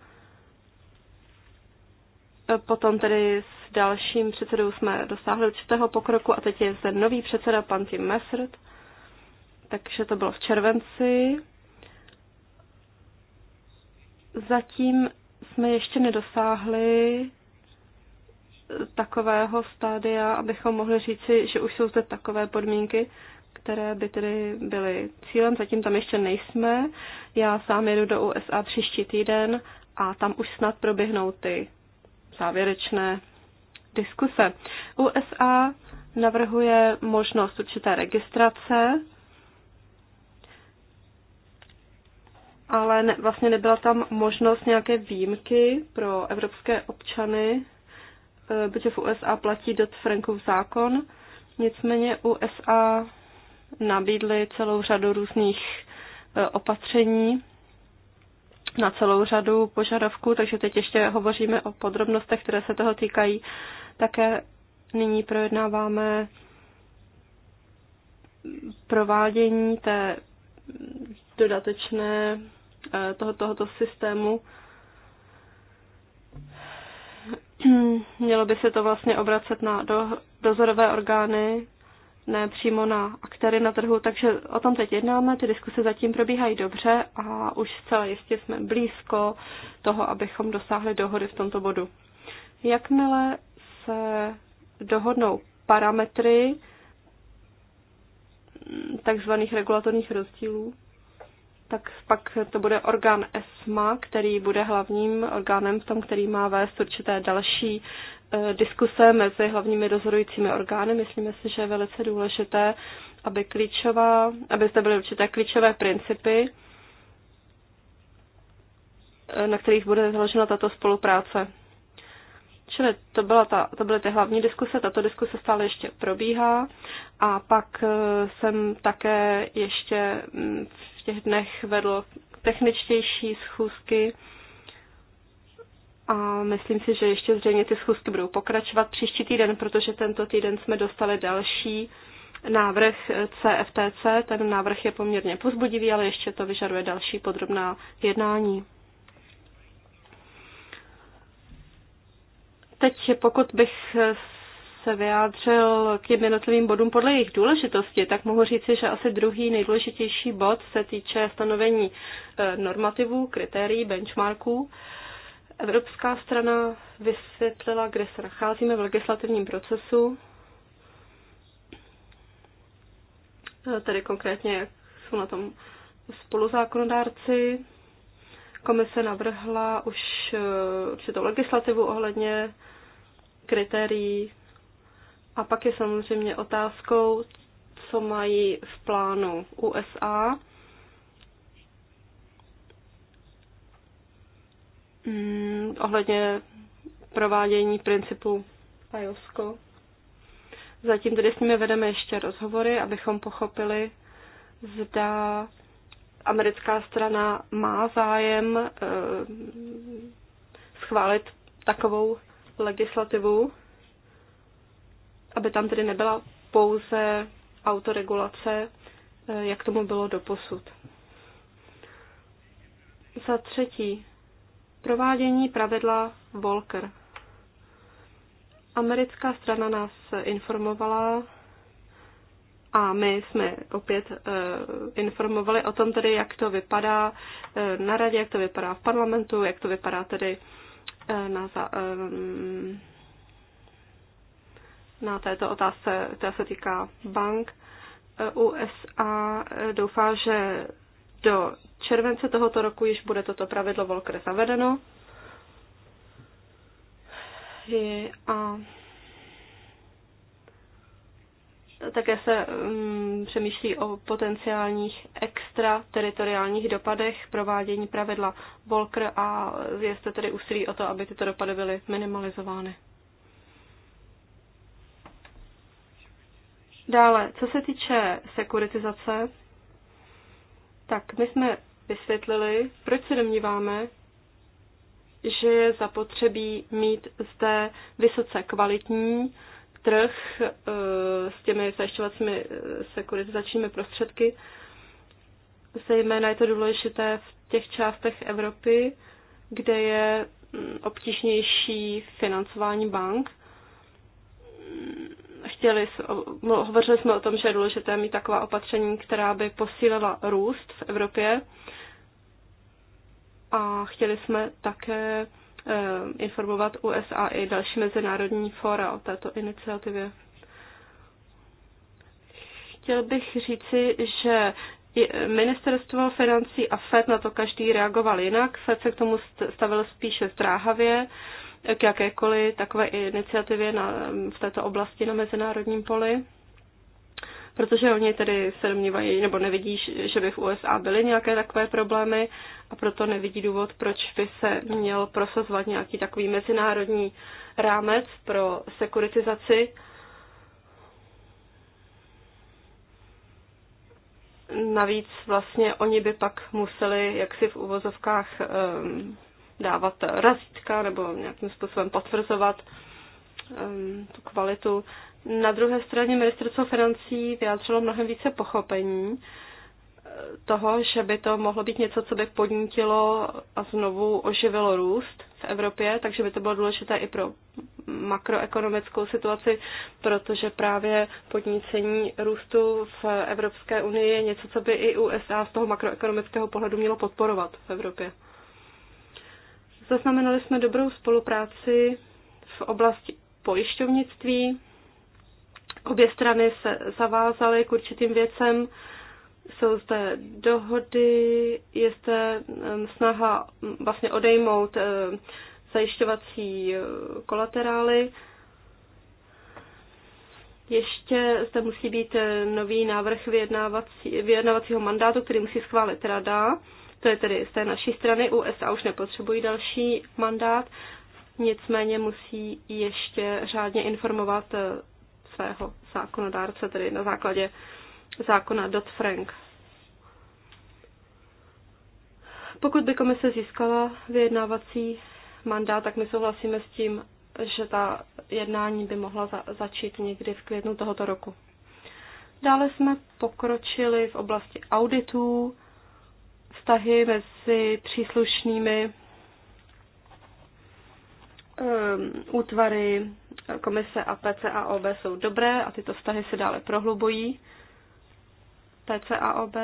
Potom tedy s dalším předsedou jsme dosáhli určitého pokroku a teď je zde nový předseda, pan Tim Messert. Takže to bylo v červenci. Zatím jsme ještě nedosáhli takového stádia, abychom mohli říci, že už jsou zde takové podmínky, které by tedy byly cílem. Zatím tam ještě nejsme. Já sám jedu do USA příští týden a tam už snad proběhnou ty závěrečné diskuse. USA navrhuje možnost určité registrace, ale ne, vlastně nebyla tam možnost nějaké výjimky pro evropské občany, eh, protože v USA platí dot frankův zákon. Nicméně USA nabídli celou řadu různých e, opatření na celou řadu požadavků, takže teď ještě hovoříme o podrobnostech, které se toho týkají. Také nyní projednáváme provádění té dodatečné e, toho, tohoto systému. Mělo by se to vlastně obracet na do, dozorové orgány ne přímo na aktéry na trhu, takže o tom teď jednáme, ty diskuse zatím probíhají dobře a už zcela jistě jsme blízko toho, abychom dosáhli dohody v tomto bodu. Jakmile se dohodnou parametry takzvaných regulatorních rozdílů, tak pak to bude orgán ESMA, který bude hlavním orgánem v tom, který má vést určité další e, diskuse mezi hlavními dozorujícími orgány. Myslíme si, že je velice důležité, aby, klíčová, aby zde byly určité klíčové principy, e, na kterých bude založena tato spolupráce. Čili to, byla ta, to byly ty hlavní diskuse, tato diskuse stále ještě probíhá a pak eh, jsem také ještě mm, v těch dnech vedl techničtější schůzky a myslím si, že ještě zřejmě ty schůzky budou pokračovat příští týden, protože tento týden jsme dostali další návrh CFTC. Ten návrh je poměrně pozbudivý, ale ještě to vyžaduje další podrobná jednání. Teď, pokud bych se vyjádřil k těm jednotlivým bodům podle jejich důležitosti, tak mohu říci, že asi druhý nejdůležitější bod se týče stanovení eh, normativů, kritérií, benchmarků. Evropská strana vysvětlila, kde se nacházíme v legislativním procesu, eh, tedy konkrétně, jak jsou na tom spoluzákonodárci. Komise navrhla už eh, určitou legislativu ohledně kritérií. A pak je samozřejmě otázkou, co mají v plánu USA. Hmm, ohledně provádění principu IOSCO. Zatím tedy s nimi vedeme ještě rozhovory, abychom pochopili, zda americká strana má zájem eh, schválit takovou legislativu, aby tam tedy nebyla pouze autoregulace, eh, jak tomu bylo doposud. Za třetí, provádění pravidla Volker. Americká strana nás informovala a my jsme opět e, informovali o tom tedy, jak to vypadá e, na radě, jak to vypadá v parlamentu, jak to vypadá tedy Eh, na, za ehm, na této otázce, která se týká bank. Eh, USA eh, doufá, že do července tohoto roku již bude toto pravidlo Volker zavedeno. Je, a také se um, přemýšlí o potenciálních extrateritoriálních dopadech provádění pravidla Volker a je tedy úsilí o to, aby tyto dopady byly minimalizovány. Dále, co se týče sekuritizace, tak my jsme vysvětlili, proč se domníváme, že je zapotřebí mít zde vysoce kvalitní trh eh, s těmi zajišťovacími eh, sekuritizačními prostředky. Zejména je to důležité v těch částech Evropy, kde je mm, obtížnější financování bank. Chtěli, hovořili jsme o tom, že je důležité mít taková opatření, která by posílila růst v Evropě. A chtěli jsme také Eh, informovat USA i další mezinárodní fora o této iniciativě. Chtěl bych říci, že Ministerstvo financí a FED na to každý reagoval jinak. FED se k tomu stavil spíše zdráhavě eh, k jakékoliv takové iniciativě na, v této oblasti na mezinárodním poli protože oni tedy se domnívají nebo nevidí, že by v USA byly nějaké takové problémy a proto nevidí důvod, proč by se měl prosazovat nějaký takový mezinárodní rámec pro sekuritizaci. Navíc vlastně oni by pak museli jaksi v uvozovkách ehm, dávat razítka nebo nějakým způsobem potvrzovat ehm, tu kvalitu. Na druhé straně ministerstvo financí vyjádřilo mnohem více pochopení eh, toho, že by to mohlo být něco, co by podnítilo a znovu oživilo růst v Evropě, takže by to bylo důležité i pro makroekonomickou situaci, protože právě podnícení růstu v Evropské unii je něco, co by i USA z toho makroekonomického pohledu mělo podporovat v Evropě. Zaznamenali jsme dobrou spolupráci v oblasti pojišťovnictví, Obě strany se zavázaly k určitým věcem. Jsou zde dohody, je zde snaha vlastně odejmout zajišťovací eh, kolaterály. Ještě zde musí být eh, nový návrh vyjednávací, vyjednávacího mandátu, který musí schválit rada. To je tedy z té naší strany. USA už nepotřebují další mandát, nicméně musí ještě řádně informovat eh, svého zákonodárce, tedy na základě zákona Dodd-Frank. Pokud by komise získala vyjednávací mandát, tak my souhlasíme s tím, že ta jednání by mohla za- začít někdy v květnu tohoto roku. Dále jsme pokročili v oblasti auditů, vztahy mezi příslušnými um, útvary komise a PCAOB jsou dobré a tyto vztahy se dále prohlubují. PCAOB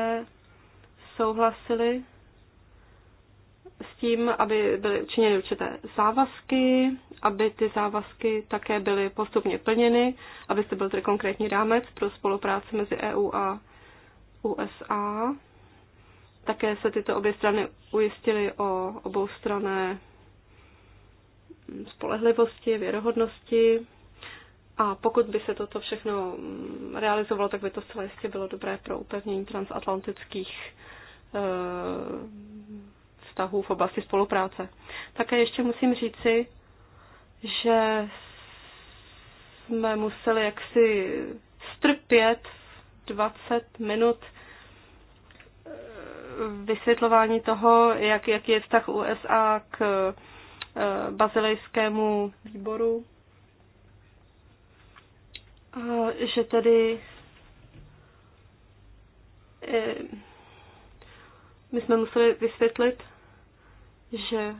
souhlasili s tím, aby byly učiněny určité závazky, aby ty závazky také byly postupně plněny, aby se byl tedy konkrétní rámec pro spolupráci mezi EU a USA. Také se tyto obě strany ujistily o obou strané spolehlivosti, věrohodnosti. A pokud by se toto všechno realizovalo, tak by to zcela jistě bylo dobré pro upevnění transatlantických eh, vztahů v oblasti spolupráce. Také ještě musím říci, že jsme museli jaksi strpět 20 minut eh, vysvětlování toho, jak, jak je vztah USA k Eh, bazilejskému výboru, že tedy eh, my jsme museli vysvětlit, že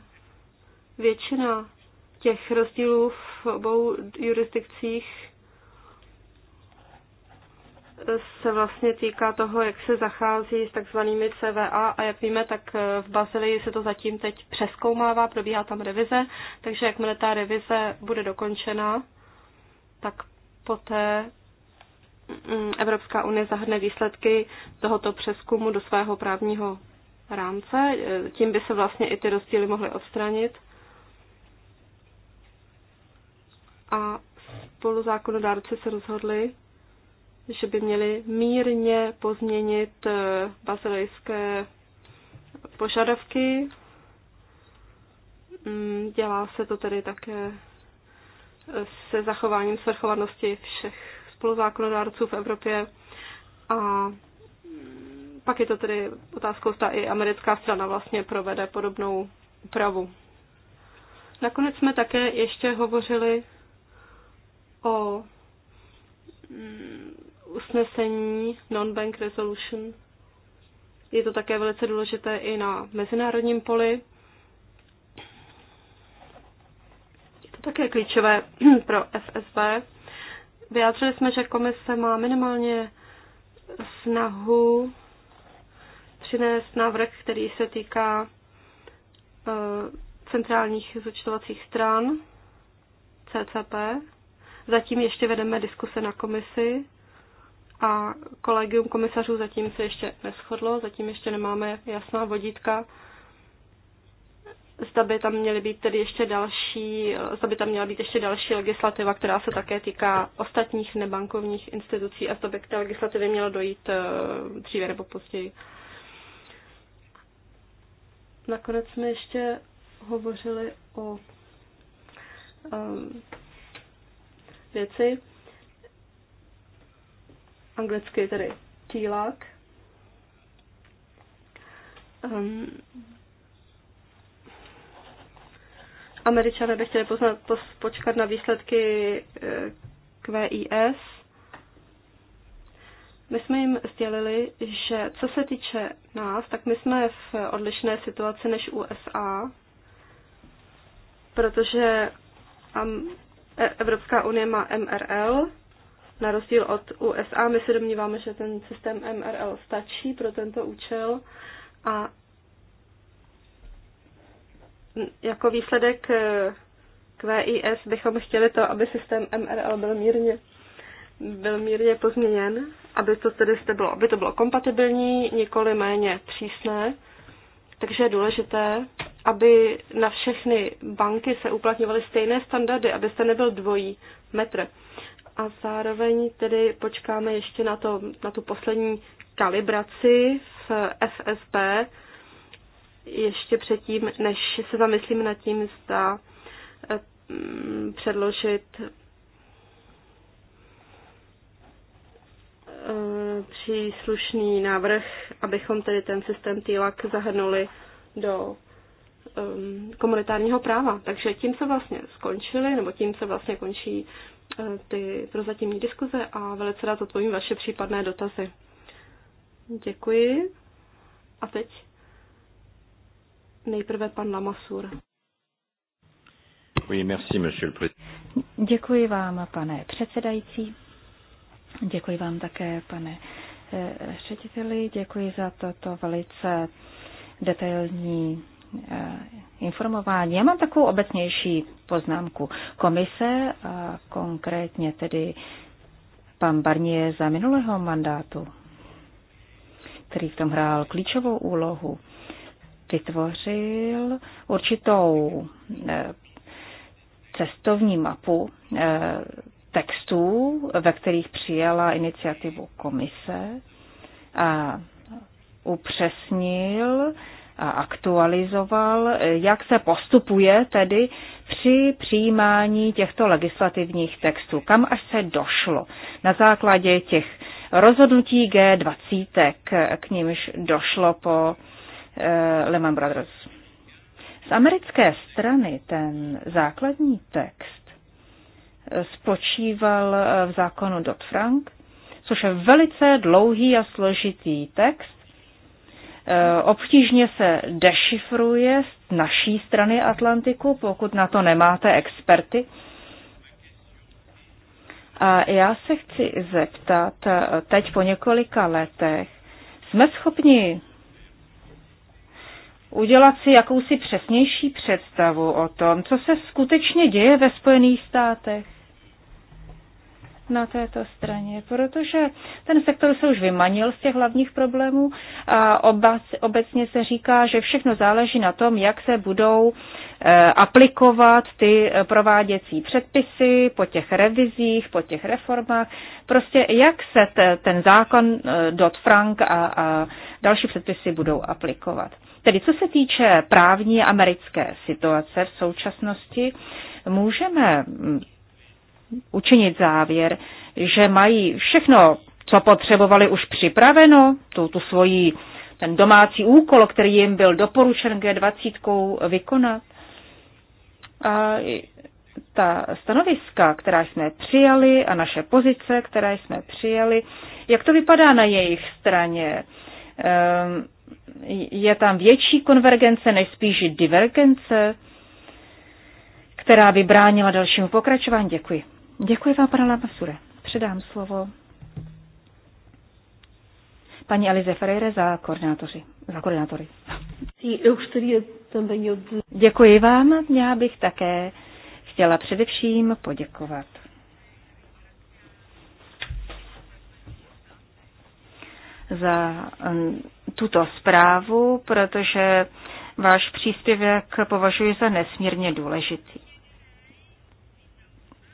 většina těch rozdílů v obou jurisdikcích se vlastně týká toho, jak se zachází s takzvanými CVA a jak víme, tak v Bazilii se to zatím teď přeskoumává, probíhá tam revize, takže jakmile ta revize bude dokončena, tak poté mm, Evropská unie zahrne výsledky tohoto přeskumu do svého právního rámce. Tím by se vlastně i ty rozdíly mohly odstranit. A spoluzákonodárci se rozhodli, že by měli mírně pozměnit eh, bazilejské požadavky. Mm, dělá se to tedy také eh, se zachováním svrchovanosti všech spoluzákonodárců v Evropě. A mm, pak je to tedy otázkou, zda i americká strana vlastně provede podobnou úpravu. Nakonec jsme také ještě hovořili o mm, usnesení Non-Bank Resolution. Je to také velice důležité i na mezinárodním poli. Je to také klíčové (clears throat) pro FSB. Vyjádřili jsme, že komise má minimálně snahu přinést návrh, který se týká eh, centrálních zúčtovacích stran CCP. Zatím ještě vedeme diskuse na komisi a kolegium komisařů zatím se ještě neschodlo, zatím ještě nemáme jasná vodítka, zda by tam měly být tedy ještě další, zda by tam měla být ještě další legislativa, která se také týká ostatních nebankovních institucí a zda by k té legislativě mělo dojít eh, dříve nebo později. Nakonec jsme ještě hovořili o um, věci, anglicky tedy tílak. Um, ehm, Američané by chtěli poznat, pos, počkat na výsledky eh, QIS. E my jsme jim sdělili, že co se týče nás, tak my jsme v odlišné situaci než USA, protože e, Evropská unie má MRL, na rozdíl od USA, my se domníváme, že ten systém MRL stačí pro tento účel a jako výsledek eh, QIS bychom chtěli to, aby systém MRL byl mírně, byl mírně pozměněn, aby to tedy jste bylo, aby to bylo kompatibilní, nikoli méně přísné. Takže je důležité, aby na všechny banky se uplatňovaly stejné standardy, abyste nebyl dvojí metr a zároveň tedy počkáme ještě na, to, na tu poslední kalibraci v FSB, ještě předtím, než se zamyslím nad tím, zda eh, mm, předložit eh, příslušný návrh, abychom tedy ten systém TILAK zahrnuli do ehm, komunitárního práva. Takže tím se vlastně skončili, nebo tím se vlastně končí Eh, ty prozatímní diskuze a velice rád odpovím vaše případné dotazy. Děkuji. A teď nejprve pan Lamasur. Oui, merci, Děkuji vám, pane předsedající. Děkuji vám také, pane eh, řediteli. Děkuji za toto velice detailní Eh, informování. Já mám takovou obecnější poznámku. Komise, a konkrétně tedy pan Barnier za minulého mandátu, který v tom hrál klíčovou úlohu, vytvořil určitou eh, cestovní mapu eh, textů, ve kterých přijala iniciativu komise a upřesnil aktualizoval, jak se postupuje tedy při přijímání těchto legislativních textů, kam až se došlo na základě těch rozhodnutí G20, k nímž došlo po eh, Lehman Brothers. Z americké strany ten základní text eh, spočíval eh, v zákonu Dodd-Frank, což je velice dlouhý a složitý text, Eh, obtížně se dešifruje z naší strany Atlantiku, pokud na to nemáte experty. A já se chci zeptat, eh, teď po několika letech, jsme schopni udělat si jakousi přesnější představu o tom, co se skutečně děje ve Spojených státech? na této straně, protože ten sektor se už vymanil z těch hlavních problémů a obecně se říká, že všechno záleží na tom, jak se budou eh, aplikovat ty eh, prováděcí předpisy po těch revizích, po těch reformách, prostě jak se ten zákon eh, Dodd-Frank a, a další předpisy budou aplikovat. Tedy co se týče právní americké situace v současnosti, můžeme hm, učinit závěr, že mají všechno, co potřebovali už připraveno, tu, tu svoji, ten domácí úkol, který jim byl doporučen G20 vykonat. A ta stanoviska, která jsme přijali a naše pozice, které jsme přijali, jak to vypadá na jejich straně? Ehm, je tam větší konvergence než spíš divergence, která by bránila dalšímu pokračování? Děkuji. Děkuji vám, pane Lamasure. Předám slovo paní Alize Ferreira za koordinátoři. Za koordinátory. Děkuji vám. Já bych také chtěla především poděkovat. za mm, tuto zprávu, protože váš příspěvek považuji za nesmírně důležitý.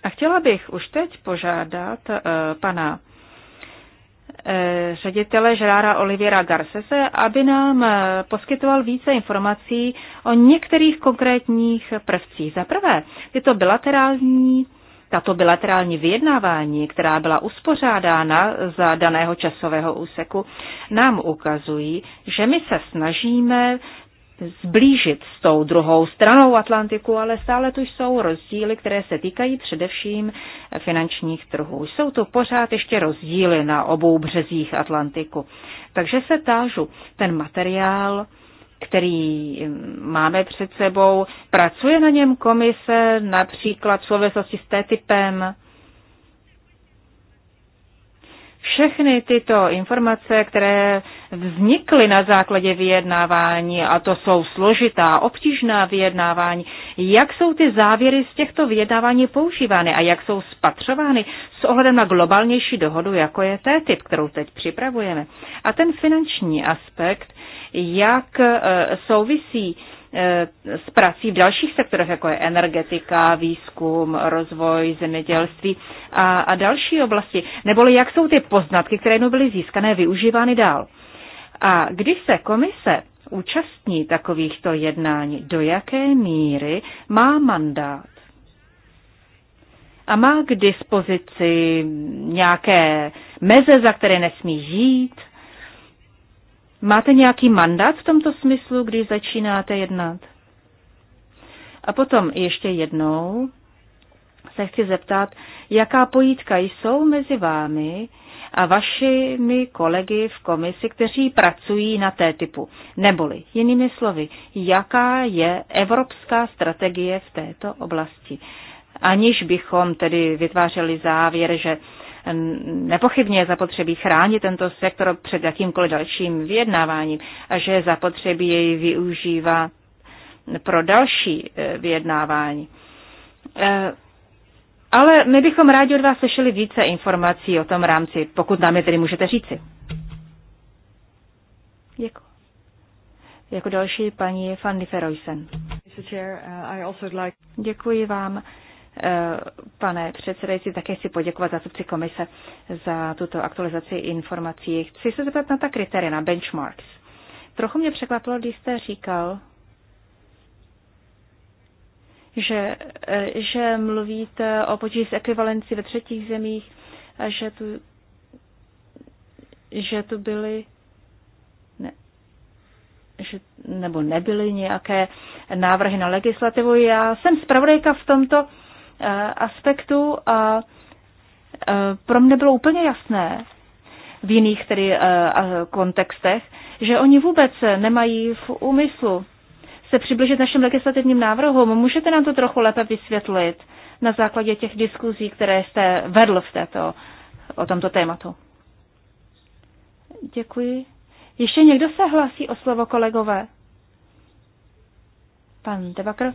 A chtěla bych už teď požádat eh, pana eh, ředitele Žerára Oliviera Garcese, aby nám eh, poskytoval více informací o některých konkrétních prvcích. Za prvé, tyto bilaterální tato bilaterální vyjednávání, která byla uspořádána za daného časového úseku, nám ukazují, že my se snažíme zblížit s tou druhou stranou Atlantiku, ale stále tu jsou rozdíly, které se týkají především finančních trhů. Jsou tu pořád ještě rozdíly na obou březích Atlantiku. Takže se tážu, ten materiál, který máme před sebou, pracuje na něm komise například v souvislosti s typem? Všechny tyto informace, které vznikly na základě vyjednávání, a to jsou složitá, obtížná vyjednávání, jak jsou ty závěry z těchto vyjednávání používány a jak jsou spatřovány s ohledem na globálnější dohodu, jako je TTIP, kterou teď připravujeme. A ten finanční aspekt, jak eh, souvisí E, s prací v dalších sektorech, jako je energetika, výzkum, rozvoj, zemědělství a, a další oblasti, neboli jak jsou ty poznatky, které jednou byly získané, využívány dál. A když se komise účastní takovýchto jednání, do jaké míry má mandát a má k dispozici nějaké meze, za které nesmí žít, Máte nějaký mandát v tomto smyslu, když začínáte jednat? A potom ještě jednou se chci zeptat, jaká pojítka jsou mezi vámi a vašimi kolegy v komisi, kteří pracují na té typu. Neboli, jinými slovy, jaká je evropská strategie v této oblasti. Aniž bychom tedy vytvářeli závěr, že uh, nepochybně je zapotřebí chránit tento sektor před jakýmkoliv dalším vyjednáváním a že je zapotřebí jej využívat pro další e, vyjednávání. E, ale my bychom rádi od vás slyšeli více informací o tom rámci, pokud nám je tedy můžete říci. Děkuji. Jako další paní Fanny Ferojsen. Uh, Děkuji vám. Eh, pane předsedající, také chci poděkovat zástupci komise za tuto aktualizaci informací. Chci se zeptat na ta kritéria, na benchmarks. Trochu mě překvapilo, když jste říkal, že, eh, že mluvíte o počí s ekvivalenci ve třetích zemích a že tu, že tu byly ne, že, nebo nebyly nějaké návrhy na legislativu. Já jsem zpravodajka v tomto Eh, aspektu a eh, pro mě bylo úplně jasné v jiných tedy eh, kontextech, že oni vůbec nemají v úmyslu se přiblížit našim legislativním návrhům. Můžete nám to trochu lépe vysvětlit na základě těch diskuzí, které jste vedl v této, o tomto tématu? Děkuji. Ještě někdo se hlásí o slovo, kolegové? Pan Debakr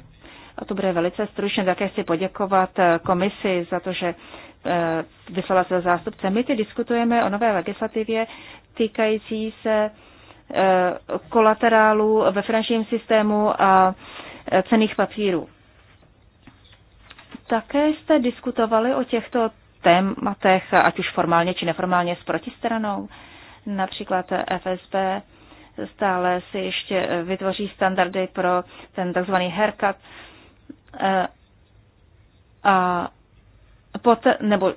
a to bude velice stručně, také chci poděkovat eh, komisi za to, že eh, vyslala se zástupce. My teď diskutujeme o nové legislativě týkající se eh, kolaterálu ve finančním systému a cených papírů. Také jste diskutovali o těchto tématech, ať už formálně či neformálně s protistranou, například FSB stále si ještě vytvoří standardy pro ten takzvaný haircut, Eh, a pot, nebo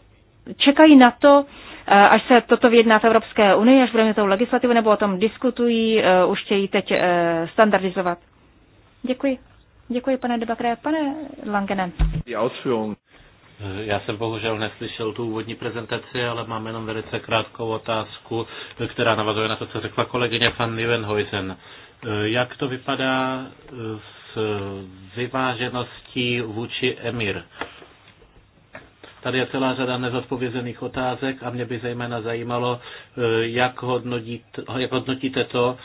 čekají na to, eh, až se toto vyjedná v Evropské unii, až budeme tou legislativu, nebo o tom diskutují, eh, už chtějí teď standardizovat. Děkuji. Děkuji, pane Debakré. Pane Langene. Já jsem bohužel neslyšel tu úvodní prezentaci, ale mám jenom velice krátkou otázku, která navazuje na to, co řekla kolegyně van Nieuwenhuizen. Jak to vypadá vyvážeností vůči Emir. Tady je celá řada nezodpovězených otázek a mě by zejména zajímalo, eh, jak, hodnotit, jak hodnotíte to,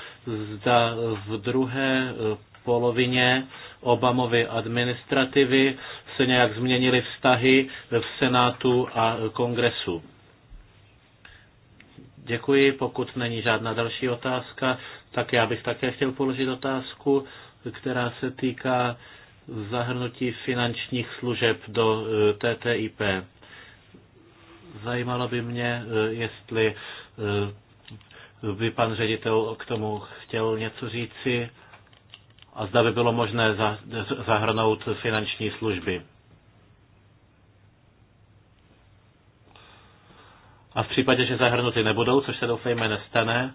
zda v druhé eh, polovině Obamovy administrativy se nějak změnily vztahy v Senátu a kongresu. Děkuji, pokud není žádná další otázka, tak já bych také chtěl položit otázku která se týká zahrnutí finančních služeb do eh, TTIP. Zajímalo by mě, eh, jestli eh, by pan ředitel k tomu chtěl něco říci a zda by bylo možné zahrnout finanční služby. A v případě, že zahrnuty nebudou, což se doufejme nestane,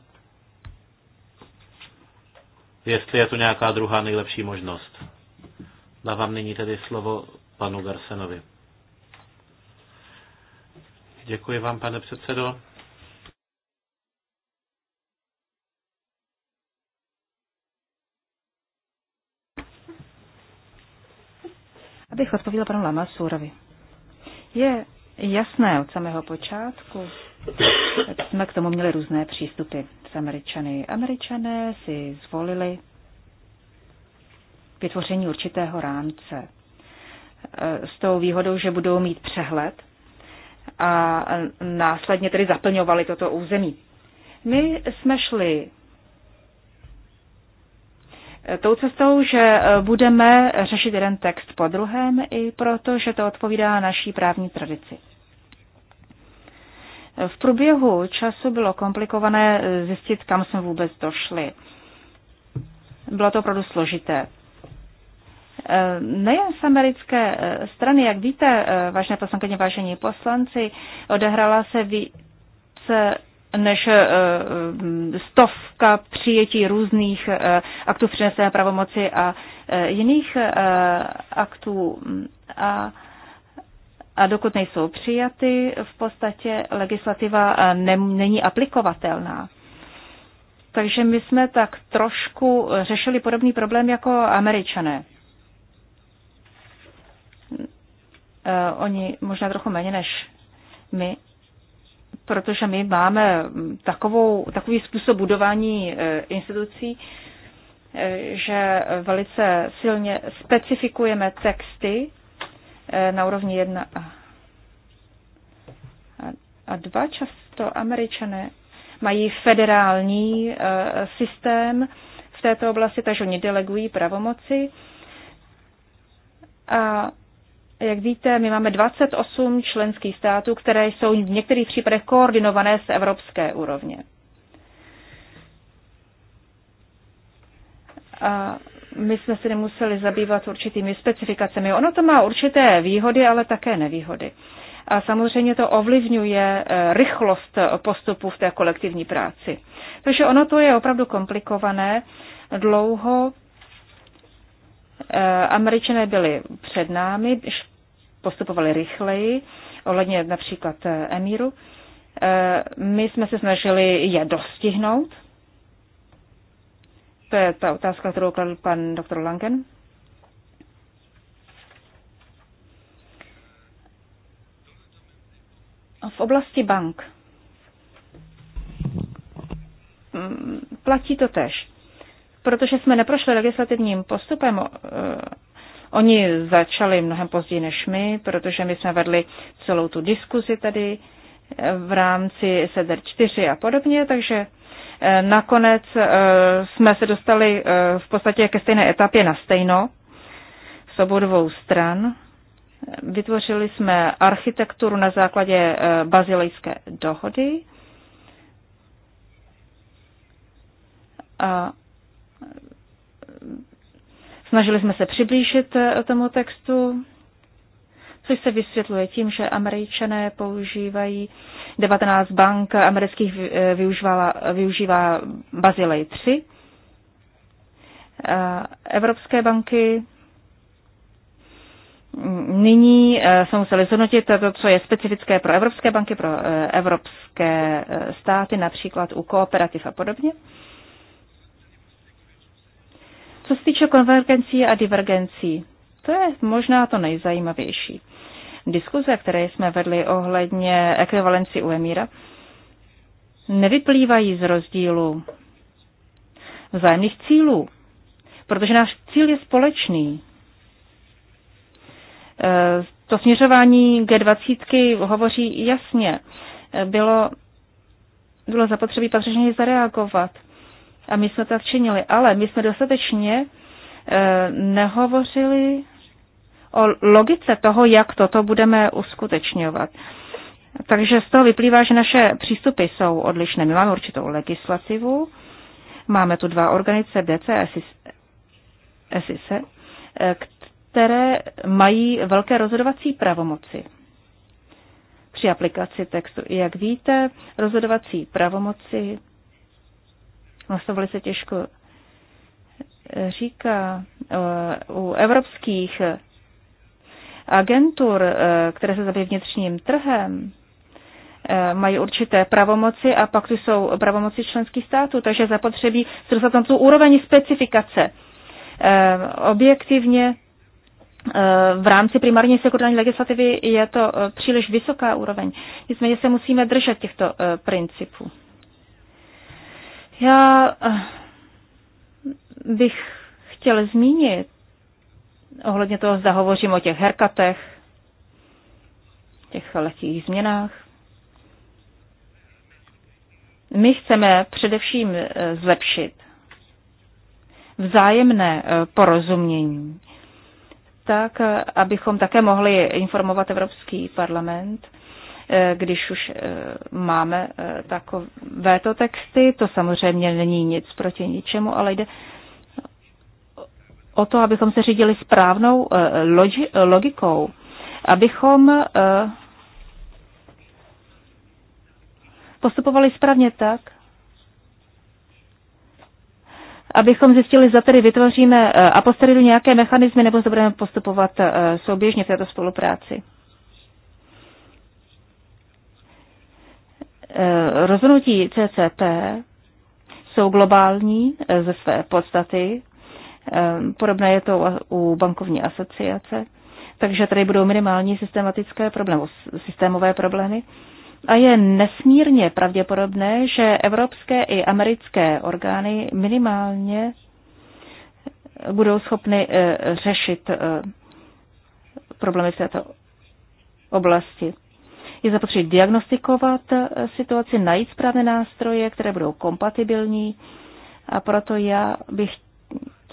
jestli je tu nějaká druhá nejlepší možnost. Dávám nyní tedy slovo panu Garsenovi. Děkuji vám, pane předsedo. Abych odpověděl panu Lamasurovi. Je jasné od samého počátku, jsme k tomu měli různé přístupy. Američany. Američané si zvolili vytvoření určitého rámce e, s tou výhodou, že budou mít přehled a následně tedy zaplňovali toto území. My jsme šli e, tou cestou, že e, budeme řešit jeden text po druhém, i proto, že to odpovídá naší právní tradici. V průběhu času bylo komplikované zjistit, kam jsme vůbec došli. Bylo to opravdu složité. Nejen z americké eh, strany, jak víte, eh, vážné poslankyně, vážení poslanci, odehrála se více než eh, stovka přijetí různých aktů přinesené pravomoci a jiných aktů. A a dokud nejsou přijaty, v podstatě legislativa eh, ne, není aplikovatelná. Takže my jsme tak trošku eh, řešili podobný problém jako američané. Eh, oni možná trochu méně než my, protože my máme takovou, takový způsob budování institucí, že velice silně specifikujeme texty, Eh, na úrovni 1 a, a 2. Často američané mají federální eh, systém v této oblasti, takže oni delegují pravomoci. A jak víte, my máme 28 členských států, které jsou v některých případech koordinované z evropské úrovně. A my jsme se nemuseli zabývat určitými specifikacemi. Ono to má určité výhody, ale také nevýhody. A samozřejmě to ovlivňuje eh, rychlost postupu v té kolektivní práci. Takže ono to je opravdu komplikované. Dlouho eh, Američané byli před námi, postupovali rychleji, ohledně například eh, Emíru. My jsme se snažili je dostihnout to je ta otázka, kterou kladl pan doktor Langen. V oblasti bank platí to tež. Protože jsme neprošli legislativním postupem, eh, oni začali mnohem později než my, protože my jsme vedli celou tu diskuzi tady eh, v rámci SEDER 4 a podobně, takže Eh, nakonec eh, jsme se dostali eh, v podstatě ke stejné etapě na stejno s obou dvou stran. Vytvořili jsme architekturu na základě bazilejské dohody a snažili jsme se přiblížit tomu textu což se vysvětluje tím, že američané používají 19 bank amerických eh, využívala, využívá Bazilej 3. Eh, evropské banky nyní eh, se museli zhodnotit to, co je specifické pro evropské banky, pro evropské státy, například u kooperativ a podobně. Co se týče konvergencí a divergencí, to je možná to nejzajímavější. Diskuze, které jsme vedli ohledně ekvivalenci u emíra, nevyplývají z rozdílu vzájemných cílů, protože náš cíl je společný. E, to směřování G20 hovoří jasně. Bylo, bylo zapotřebí patřičně zareagovat. A my jsme tak činili, ale my jsme dostatečně e, nehovořili o logice toho, jak toto budeme uskutečňovat. Takže z toho vyplývá, že naše přístupy jsou odlišné. My máme určitou legislativu, máme tu dva organice, DC a SISE, které mají velké rozhodovací pravomoci při aplikaci textu. Jak víte, rozhodovací pravomoci, no to velice těžko říká, eh, u evropských agentur, eh, které se zabývají vnitřním trhem, eh, mají určité pravomoci a pak tu jsou pravomoci členských států, takže zapotřebí se dostat na tu úroveň specifikace. Eh, objektivně v rámci primární sekundární legislativy je to příliš vysoká úroveň. Nicméně se musíme držet těchto principů. Já bych chtěl zmínit, ohledně toho zda hovořím o těch herkatech, těch lehkých změnách. My chceme především e, zlepšit vzájemné e, porozumění, tak e, abychom také mohli informovat Evropský parlament, když už máme takovéto texty. To samozřejmě není nic proti ničemu, ale jde o to, abychom se řídili správnou eh, logikou, abychom eh, postupovali správně tak, abychom zjistili, zda tedy vytvoříme eh, a posteriori nějaké mechanizmy, nebo zda budeme postupovat souběžně v této spolupráci. Rozhodnutí CCP jsou globální ze své podstaty Ehm, podobné je to u bankovní asociace. Takže tady budou minimální systematické problémy, systémové problémy. A je nesmírně pravděpodobné, že evropské i americké orgány minimálně budou schopny eh, řešit eh, problémy v této oblasti. Je zapotřebí diagnostikovat eh, situaci, najít správné nástroje, které budou kompatibilní a proto já bych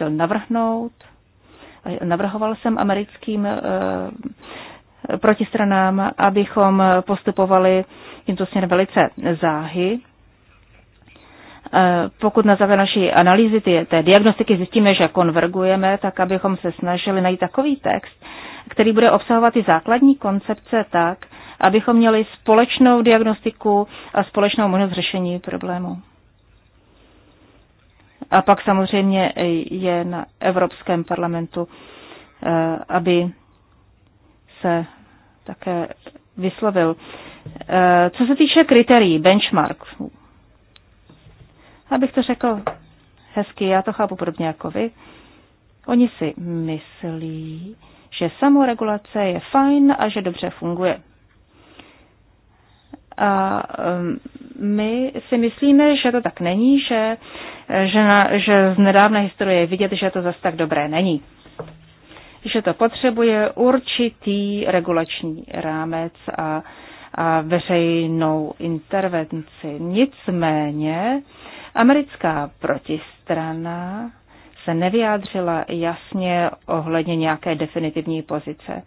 chtěl navrhnout. Navrhoval jsem americkým eh, protistranám, abychom postupovali tímto směrem velice záhy. Eh, pokud na základě naší analýzy ty, té diagnostiky zjistíme, že konvergujeme, tak abychom se snažili najít takový text, který bude obsahovat i základní koncepce tak, abychom měli společnou diagnostiku a společnou možnost řešení problému. A pak samozřejmě je na Evropském parlamentu, eh, aby se také vyslovil. Eh, co se týče kritérií, benchmark, abych to řekl hezky, já to chápu podobně jako vy, oni si myslí, že samoregulace je fajn a že dobře funguje. A um, my si myslíme, že to tak není, že, že, na, že z nedávné historie je vidět, že to zas tak dobré není. Že to potřebuje určitý regulační rámec a, a veřejnou intervenci. Nicméně americká protistrana se nevyjádřila jasně ohledně nějaké definitivní pozice.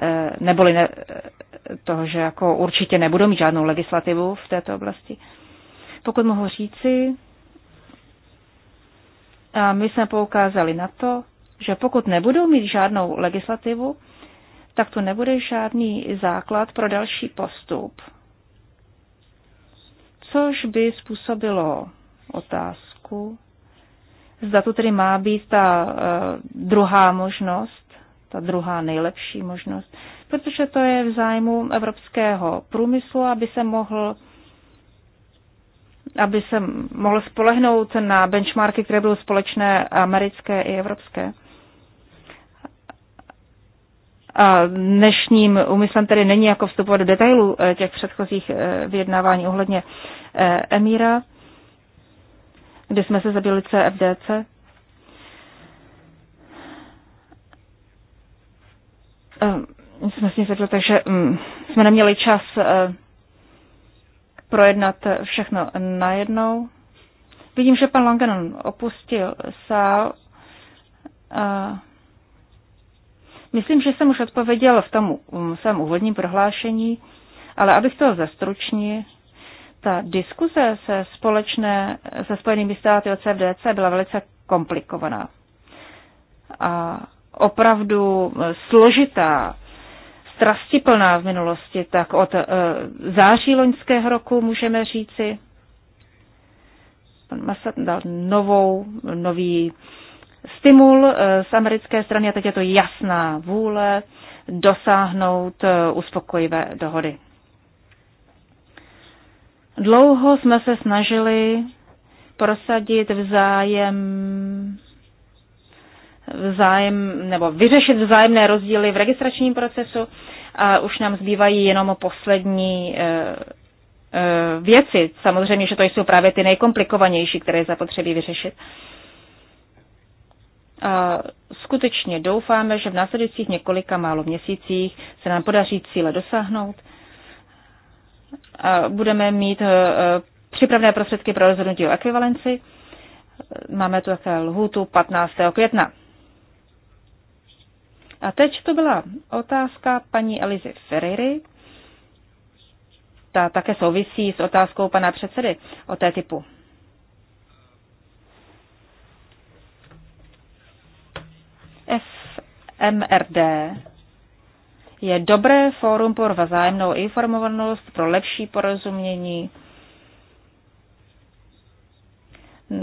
Eh, neboli ne, toho, že jako určitě nebudou mít žádnou legislativu v této oblasti. Pokud mohu říci, a my jsme poukázali na to, že pokud nebudou mít žádnou legislativu, tak to nebude žádný základ pro další postup. Což by způsobilo otázku, zda tu tedy má být ta uh, druhá možnost, ta druhá nejlepší možnost, protože to je v zájmu evropského průmyslu, aby se mohl aby se mohl spolehnout na benchmarky, které budou společné americké i evropské. A dnešním úmyslem tedy není jako vstupovat do detailů eh, těch předchozích eh, vyjednávání ohledně eh, Emíra, kde jsme se zabili CFDC. jsme s ní sedli, takže mm, jsme neměli čas eh, projednat všechno najednou. Vidím, že pan Langenon opustil sál. Eh, myslím, že jsem už odpověděl v tom mm, svém úvodním prohlášení, ale abych to zestručnil, ta diskuze se, společné, se Spojenými státy o CFDC byla velice komplikovaná. A opravdu eh, složitá, strastiplná v minulosti, tak od eh, září loňského roku můžeme říci, pan Masad dal novou, nový stimul eh, z americké strany a teď je to jasná vůle dosáhnout uspokojivé dohody. Dlouho jsme se snažili prosadit vzájem vzájem, nebo vyřešit vzájemné rozdíly v registračním procesu a už nám zbývají jenom poslední eh, eh, věci. Samozřejmě, že to jsou právě ty nejkomplikovanější, které je zapotřebí vyřešit. A skutečně doufáme, že v následujících několika málo měsících se nám podaří cíle dosáhnout. A budeme mít eh, připravné prostředky pro rozhodnutí o ekvivalenci. Máme tu také lhůtu 15. května. A teď to byla otázka paní Elizy Ferry. Ta také souvisí s otázkou pana předsedy o té typu. FMRD je dobré fórum pro vzájemnou informovanost, pro lepší porozumění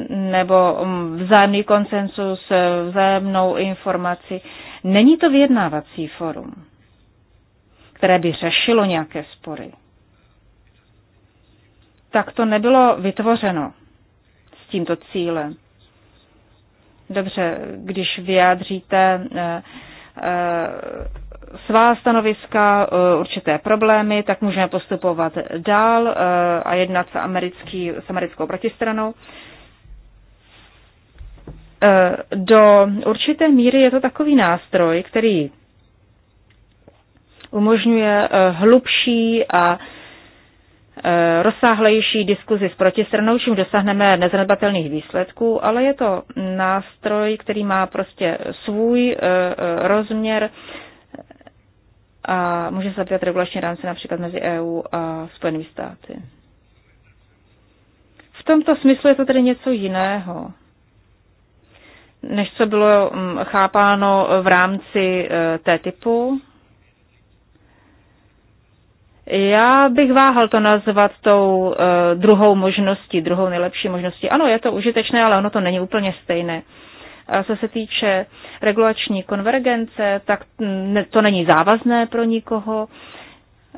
nebo vzájemný konsensus, vzájemnou informaci. Není to vyjednávací forum, které by řešilo nějaké spory. Tak to nebylo vytvořeno s tímto cílem. Dobře, když vyjádříte eh, eh, svá stanoviska, eh, určité problémy, tak můžeme postupovat dál a jednat s, americký, s americkou protistranou. Eh, do určité míry je to takový nástroj, který umožňuje eh, hlubší a eh, rozsáhlejší diskuzi s protistranou, čím dosáhneme nezanedbatelných výsledků, ale je to nástroj, který má prostě svůj rozměr a může se zabývat regulační rámce například mezi EU a Spojenými státy. V tomto smyslu je to tedy něco jiného než co bylo mm, chápáno v rámci eh, té typu. Já bych váhal to nazvat tou eh, druhou možností, druhou nejlepší možností. Ano, je to užitečné, ale ono to není úplně stejné. A co se týče regulační konvergence, tak mm, to není závazné pro nikoho.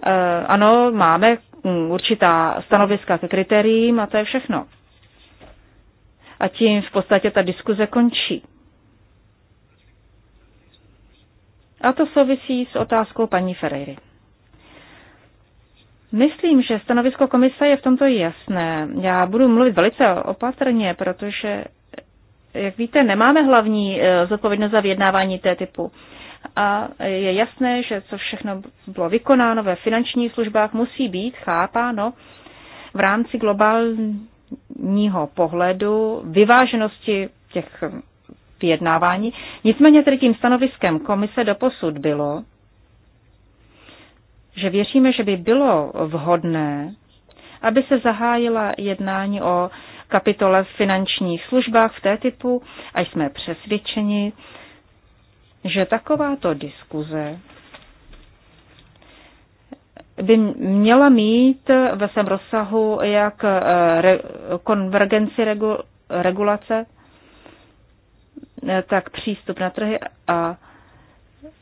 Eh, ano, máme mm, určitá stanoviska ke kritériím a to je všechno a tím v podstatě ta diskuze končí. A to souvisí s otázkou paní Ferreiry. Myslím, že stanovisko komise je v tomto jasné. Já budu mluvit velice opatrně, protože, jak víte, nemáme hlavní eh, zodpovědnost za vyjednávání té typu. A je jasné, že co všechno bylo vykonáno ve finančních službách, musí být chápáno v rámci globální účetního pohledu, vyváženosti těch vyjednávání. Nicméně tedy tím stanoviskem komise posud bylo, že věříme, že by bylo vhodné, aby se zahájila jednání o kapitole v finančních službách v té typu a jsme přesvědčeni, že takováto diskuze by měla mít ve svém rozsahu jak eh, re, konvergenci regu, regulace, eh, tak přístup na trhy a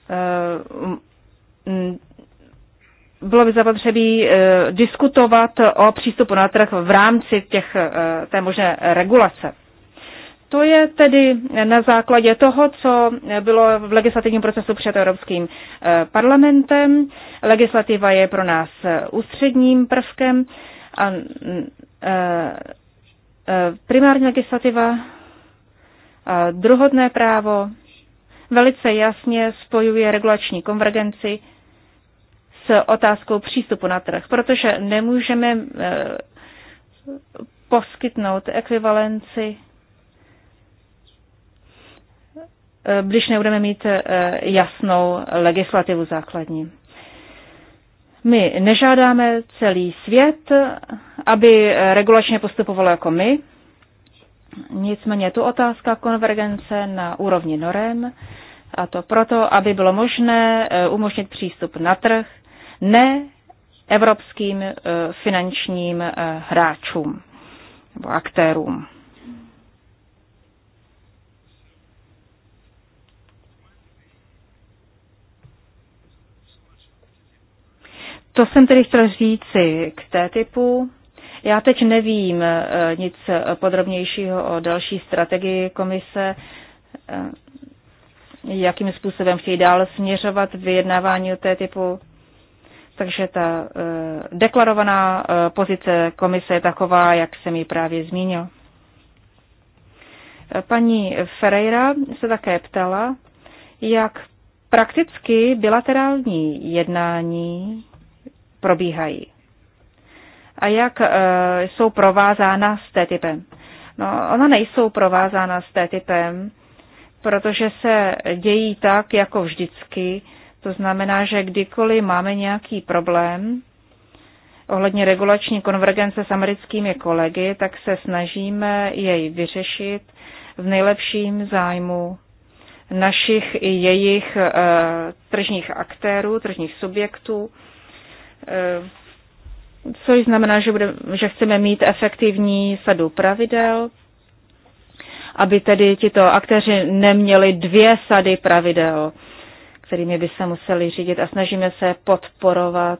eh, bylo by zapotřebí diskutovat o přístupu na trh v rámci těch, té možné regulace. To je tedy na základě toho, co bylo v legislativním procesu před Evropským eh, parlamentem. Legislativa je pro nás eh, ústředním prvkem a mm, eh, primární legislativa a druhodné právo velice jasně spojuje regulační konvergenci s otázkou přístupu na trh, protože nemůžeme poskytnout ekvivalenci Eh, když nebudeme mít eh, jasnou legislativu základní. My nežádáme celý svět, aby regulačně postupovalo jako my. Nicméně je tu otázka konvergence na úrovni norem, a to proto, aby bylo možné eh, umožnit přístup na trh ne evropským finančním hráčům nebo aktérům. To jsem tedy chtěl říci k té typu. Já teď nevím eh, nic eh, podrobnějšího o další strategii komise, eh, jakým způsobem chtějí dál směřovat vyjednávání o té typu. Takže ta deklarovaná pozice komise je taková, jak jsem ji právě zmínil. Paní Ferreira se také ptala, jak prakticky bilaterální jednání probíhají a jak e, jsou provázána s T-typem. No, ona nejsou provázána s T-typem, protože se dějí tak, jako vždycky. To znamená, že kdykoliv máme nějaký problém ohledně regulační konvergence s americkými kolegy, tak se snažíme jej vyřešit v nejlepším zájmu našich i jejich uh, tržních aktérů, tržních subjektů Eh, což znamená, že, bude, že chceme mít efektivní sadu pravidel, aby tedy tito aktéři neměli dvě sady pravidel, kterými by se museli řídit a snažíme se podporovat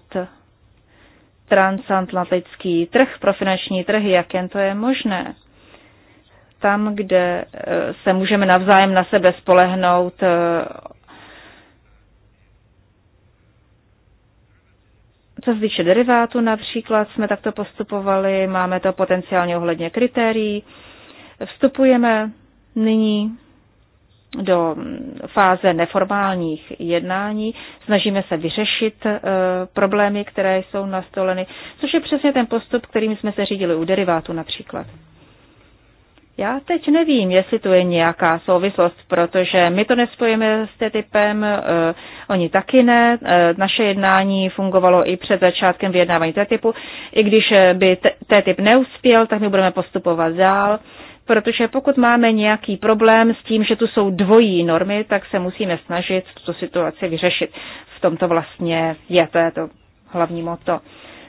transatlantický trh pro finanční trhy, jak jen to je možné. Tam, kde eh, se můžeme navzájem na sebe spolehnout, eh, Co se týče derivátu například, jsme takto postupovali, máme to potenciálně ohledně kritérií. Vstupujeme nyní do fáze neformálních jednání, snažíme se vyřešit e, problémy, které jsou nastoleny, což je přesně ten postup, kterým jsme se řídili u derivátu například. Já teď nevím, jestli tu je nějaká souvislost, protože my to nespojíme s TTIPem, uh, eh, oni taky ne. Uh, naše jednání fungovalo i před začátkem vyjednávání TTIPu. I když eh, by TTIP neuspěl, tak my budeme postupovat dál, protože pokud máme nějaký problém s tím, že tu jsou dvojí normy, tak se musíme snažit tu situaci vyřešit. V tomto vlastně je to, je to hlavní moto.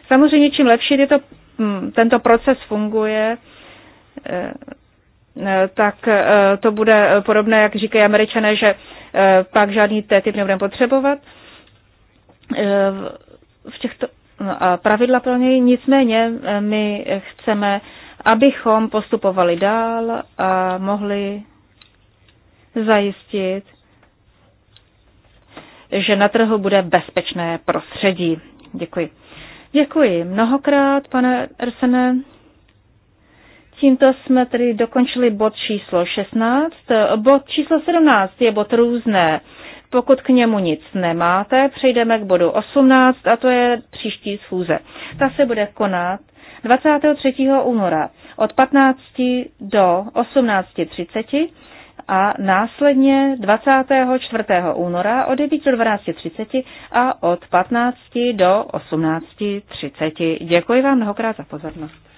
Samozřejmě čím lepší tyto, mm, tento proces funguje, uh, Eh, tak eh, to bude podobné, jak říkají američané, že eh, pak žádný TTIP nebudeme potřebovat. V těchto no pravidla pro něj nicméně my chceme, abychom postupovali dál a mohli zajistit, že na trhu bude bezpečné prostředí. Děkuji. Děkuji mnohokrát, pane Ersene. Tímto jsme tedy dokončili bod číslo 16. Bod číslo 17 je bod různé. Pokud k němu nic nemáte, přejdeme k bodu 18 a to je příští schůze. Ta se bude konat 23. února od 15 do 18.30 a následně 24. února od 9 do 12.30 a od 15 do 18.30. Děkuji vám mnohokrát za pozornost.